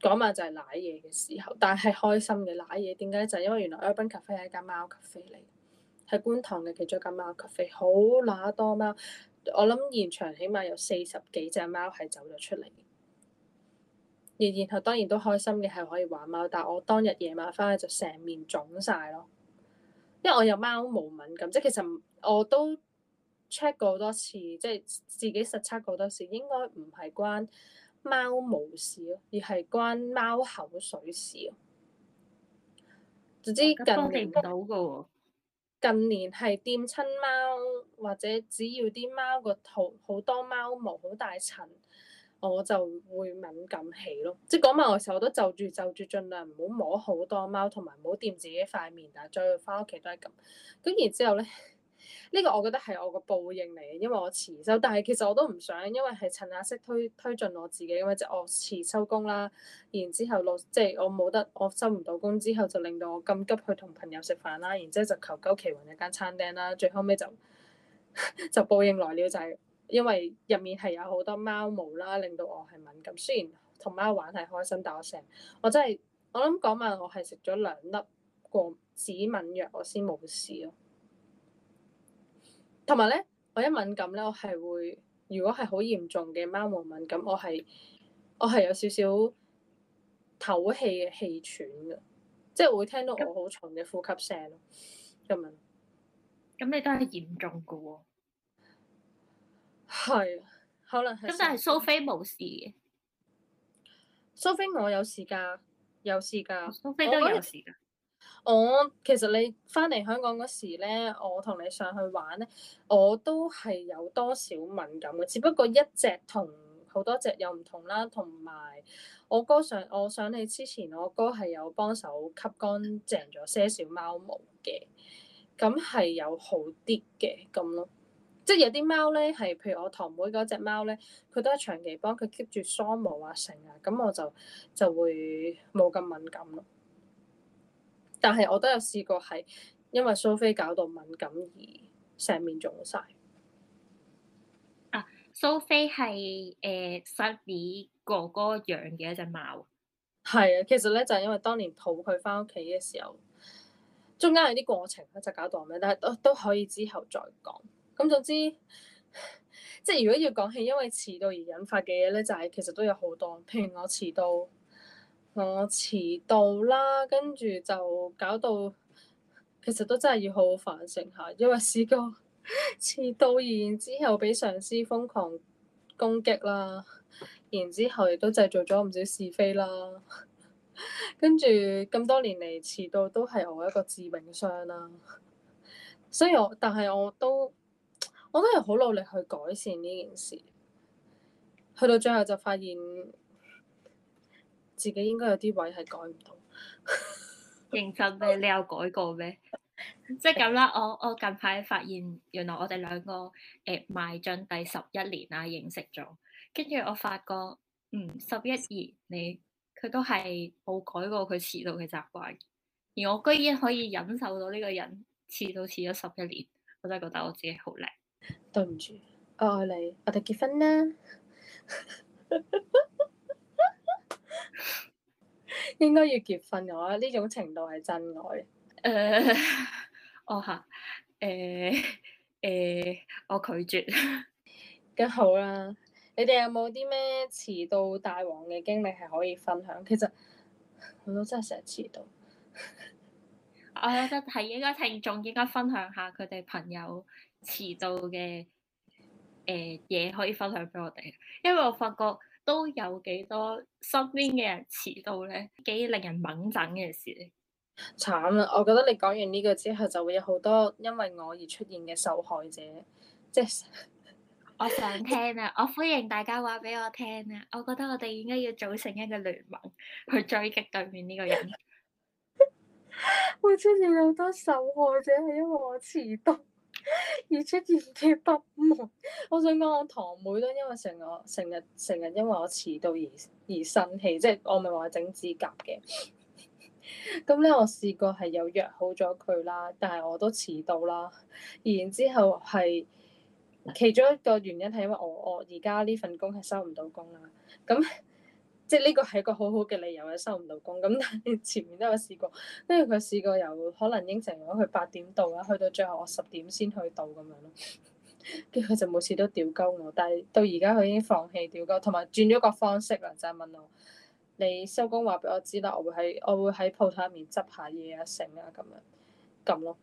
講埋就係攋嘢嘅時候，但係開心嘅攋嘢點解就係、是、因為原來 Urban Cafe 係一間貓咖啡嚟，係觀塘嘅其中一間貓咖啡，好乸多貓。我諗現場起碼有四十幾隻貓係走咗出嚟。而然後當然都開心嘅係可以玩貓，但我當日夜晚翻去就成面腫晒咯，因為我有貓毛敏感，即係其實我都 check 過好多次，即係自己實測過好多次，應該唔係關貓毛事咯，而係關貓口水事咯。總之近年到嘅近年係掂親貓或者只要啲貓個肚好，好多貓毛好大塵，我就會敏感起咯。即講埋我嘅時候，我都就住就住，盡量唔好摸好多貓，同埋唔好掂自己塊面。但係再翻屋企都係咁。跟住之後咧。呢個我覺得係我個報應嚟，因為我遲收，但係其實我都唔想，因為係趁下息推推進我自己嘅，即係我遲收工啦。然之後落即係我冇得，我收唔到工之後，就令到我咁急去同朋友食飯啦。然之後就求其揾一間餐廳啦。最後尾，就 就報應來了，就係因為入面係有好多貓毛啦，令到我係敏感。雖然同貓玩係開心，但我成我真係我諗嗰晚我係食咗兩粒過止敏藥，我先冇事咯。同埋咧，我一敏感咧，我係會如果係好嚴重嘅貓毛敏感，我係我係有少少唞氣嘅氣喘噶，即係會聽到我好重嘅呼吸聲咁樣。咁你都係嚴重噶喎？哦？係，可能係。咁但係蘇菲冇事嘅。蘇菲我有事噶，有事噶，蘇菲都有事噶。我其實你翻嚟香港嗰時咧，我同你上去玩咧，我都係有多少敏感嘅，只不過一隻同好多隻有唔同啦，同埋我哥上，我想你之前我哥係有幫手吸乾淨咗些少貓毛嘅，咁係有好啲嘅咁咯。即係有啲貓咧，係譬如我堂妹嗰隻貓咧，佢都係長期幫佢 keep 住梳毛啊，成啊，咁我就就會冇咁敏感咯。但係我都有試過係因為蘇菲搞到敏感而成面腫曬。啊，蘇菲係誒 Sally 哥哥養嘅一隻貓。係啊，其實咧就係、是、因為當年抱佢翻屋企嘅時候，中間有啲過程咧就搞到咩，但係都都可以之後再講。咁總之，即係如果要講起因為遲到而引發嘅嘢咧，就係、是、其實都有好多。譬如我遲到。我遲到啦，跟住就搞到，其實都真係要好好反省下，因為試過 遲到然之後，俾上司瘋狂攻擊啦，然之後亦都製造咗唔少是非啦。跟住咁多年嚟，遲到都係我一個致命傷啦。所以我，但係我都我都係好努力去改善呢件事。去到最後就發現。自己應該有啲位係改唔到。認真咩？你有改過咩？即係咁啦，我我近排發現，原來我哋兩個誒、呃、邁進第十一年啊，認識咗，跟住我發覺，嗯，十一二你佢都係冇改過佢遲到嘅習慣，而我居然可以忍受到呢個人遲到遲咗十一年，我真係覺得我自己好靚。對唔住，我愛你，我哋結婚啦！ 應該要結婚，我呢種程度係真愛。誒，我吓，誒誒，我拒絕。咁 好啦，你哋有冇啲咩遲到大王嘅經歷係可以分享？其實我都真係成日遲到。我覺得係應該聽眾應該分享下佢哋朋友遲到嘅誒嘢，可以分享俾我哋，因為我發覺。都有幾多身邊嘅人遲到咧，幾令人猛憎嘅事。慘啊！我覺得你講完呢個之後，就會有好多因為我而出現嘅受害者。即係我想聽啊！ 我歡迎大家話俾我聽啊！我覺得我哋應該要組成一個聯盟去追擊對面呢個人。會出現好多受害者係因為我遲到。 而且完全不滿，我想講，我堂妹都因為成我成日成日因為我遲到而而生氣，即係我咪話整指甲嘅。咁 咧，我試過係有約好咗佢啦，但係我都遲到啦。然之後係其中一個原因係因為我我而家呢份工係收唔到工啦。咁。即係呢個係一個好好嘅理由啊，收唔到工咁。但係前面都有試過，跟住佢試過有可能應承咗佢八點到啦，去到最後我十點先去到咁樣咯。跟住佢就每次都吊鳩我，但係到而家佢已經放棄吊鳩，同埋轉咗個方式啦，就係問我你收工話俾我知啦，我會喺我會喺鋪頭入面執下嘢啊、成啊咁樣咁咯。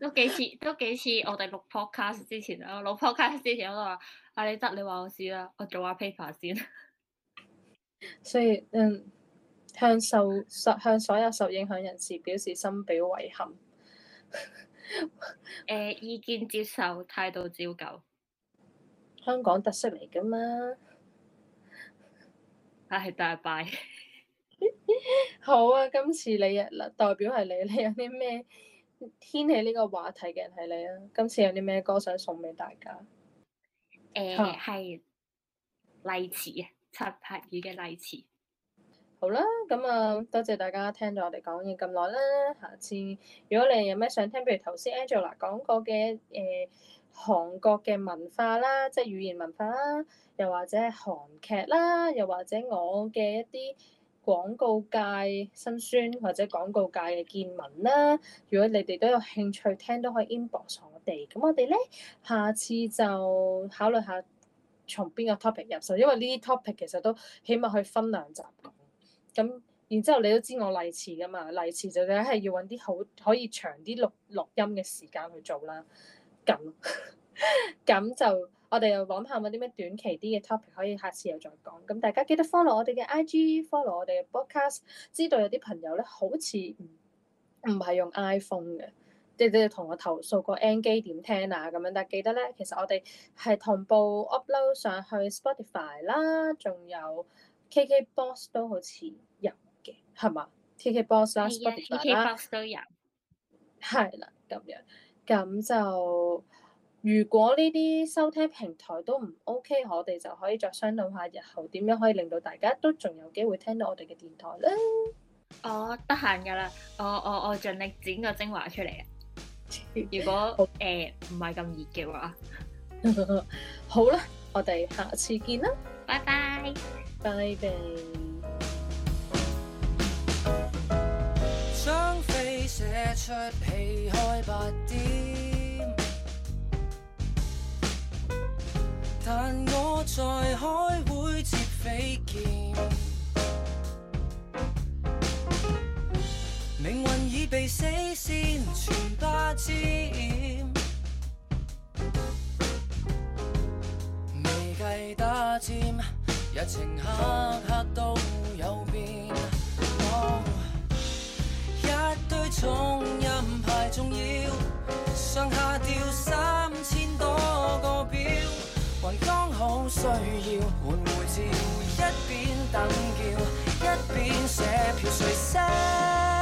都幾次都幾次我哋錄 podcast 之前啊，錄 podcast 之前我都話啊，你得你話我知啦，我做下 paper 先。 所以，嗯，向受向所有受影響人士表示深表遺憾。誒、 呃，意見接受，態度照舊。香港特色嚟噶嘛？唉，大拜。 好啊，今次你代表係你，你有啲咩掀起呢個話題嘅人係你啊？今次有啲咩歌想送俾大家？誒、呃，係勵志啊！拆撇耳嘅例詞，好啦，咁啊，多謝大家聽咗我哋講嘢咁耐啦。下次如果你有咩想聽，譬如頭先 Angela 講過嘅誒、呃、韓國嘅文化啦，即係語言文化啦，又或者韓劇啦，又或者我嘅一啲廣告界辛酸，或者廣告界嘅見聞啦，如果你哋都有興趣聽，都可以 inbox 我哋。咁我哋咧下次就考慮下。從邊個 topic 入手？因為呢啲 topic 其實都起碼去分兩集。咁然之後你都知我例詞㗎嘛？例詞就梗係要揾啲好可以長啲錄錄音嘅時間去做啦。咁咁 就我哋又揾下有啲咩短期啲嘅 topic 可以下次又再講。咁大家記得 fo 我 IG, follow 我哋嘅 IG，follow 我哋嘅 podcast。知道有啲朋友咧好似唔唔係用 iPhone 嘅。你哋同我投訴個 N 機點聽啊咁樣，但記得咧，其實我哋係同步 upload 上去 Spotify 啦，仲有 KKBox 都好似有嘅，係嘛？KKBox 啦，Spotify 啦，都有。係啦，咁樣咁就如果呢啲收聽平台都唔 OK，我哋就可以再商量下，日後點樣可以令到大家都仲有機會聽到我哋嘅電台咧。哦，得閒噶啦，我我我盡力剪個精華出嚟啊！ 如果我誒唔係咁熱嘅話 ，好啦，我哋下次見啦，拜拜，拜拜。射出白但我在海會接飛命運已被死線全霸佔，未計打尖，日程刻刻都有變。Wow. 一堆重任排重要，上下掉三千多個表，還剛好需要換護照，一邊等叫，一邊寫票隨身。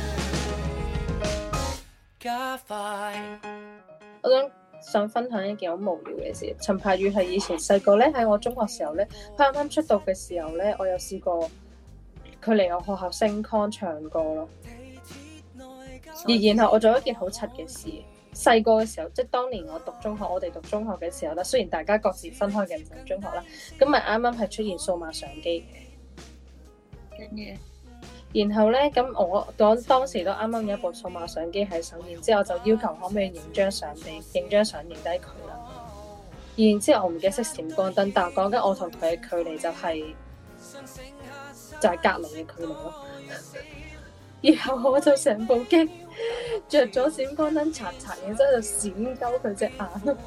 我想想分享一件好無聊嘅事。陳柏宇係以前細個咧，喺我中學時候咧，佢啱啱出道嘅時候咧，我有試過佢嚟我學校升控唱歌咯。而然後我做一件好柒嘅事，細個嘅時候，即係當年我讀中學，我哋讀中學嘅時候咧，雖然大家各自分開嘅唔同中學啦，咁咪啱啱係出現數碼相機。嘅。Yeah. 然後咧，咁我我當時都啱啱有一部數碼相機喺手，然之後就要求可唔可以影張相，俾影張相影低佢啦。然之後我唔記得熄閃光燈，但係講緊我同佢嘅距離就係、是、就係、是、隔離嘅距離咯。然後我就成部機着咗閃光燈，擦查然之後就閃鳩佢隻眼咯。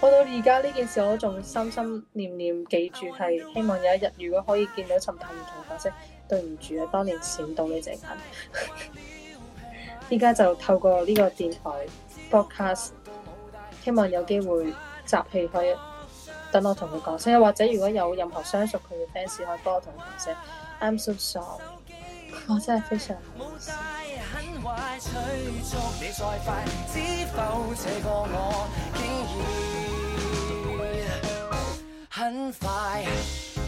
我到而家呢件事，我仲心心念念記住，係希望有一日如果可以見到陳太唔同角色。對唔住啊，當年閃到你隻眼，依 家就透過呢個電台，broadcast 希望有機會集氣可以等我同佢講聲，或者如果有任何相熟佢嘅 fans 可以幫我同佢講聲。I'm so sorry，我真係非常。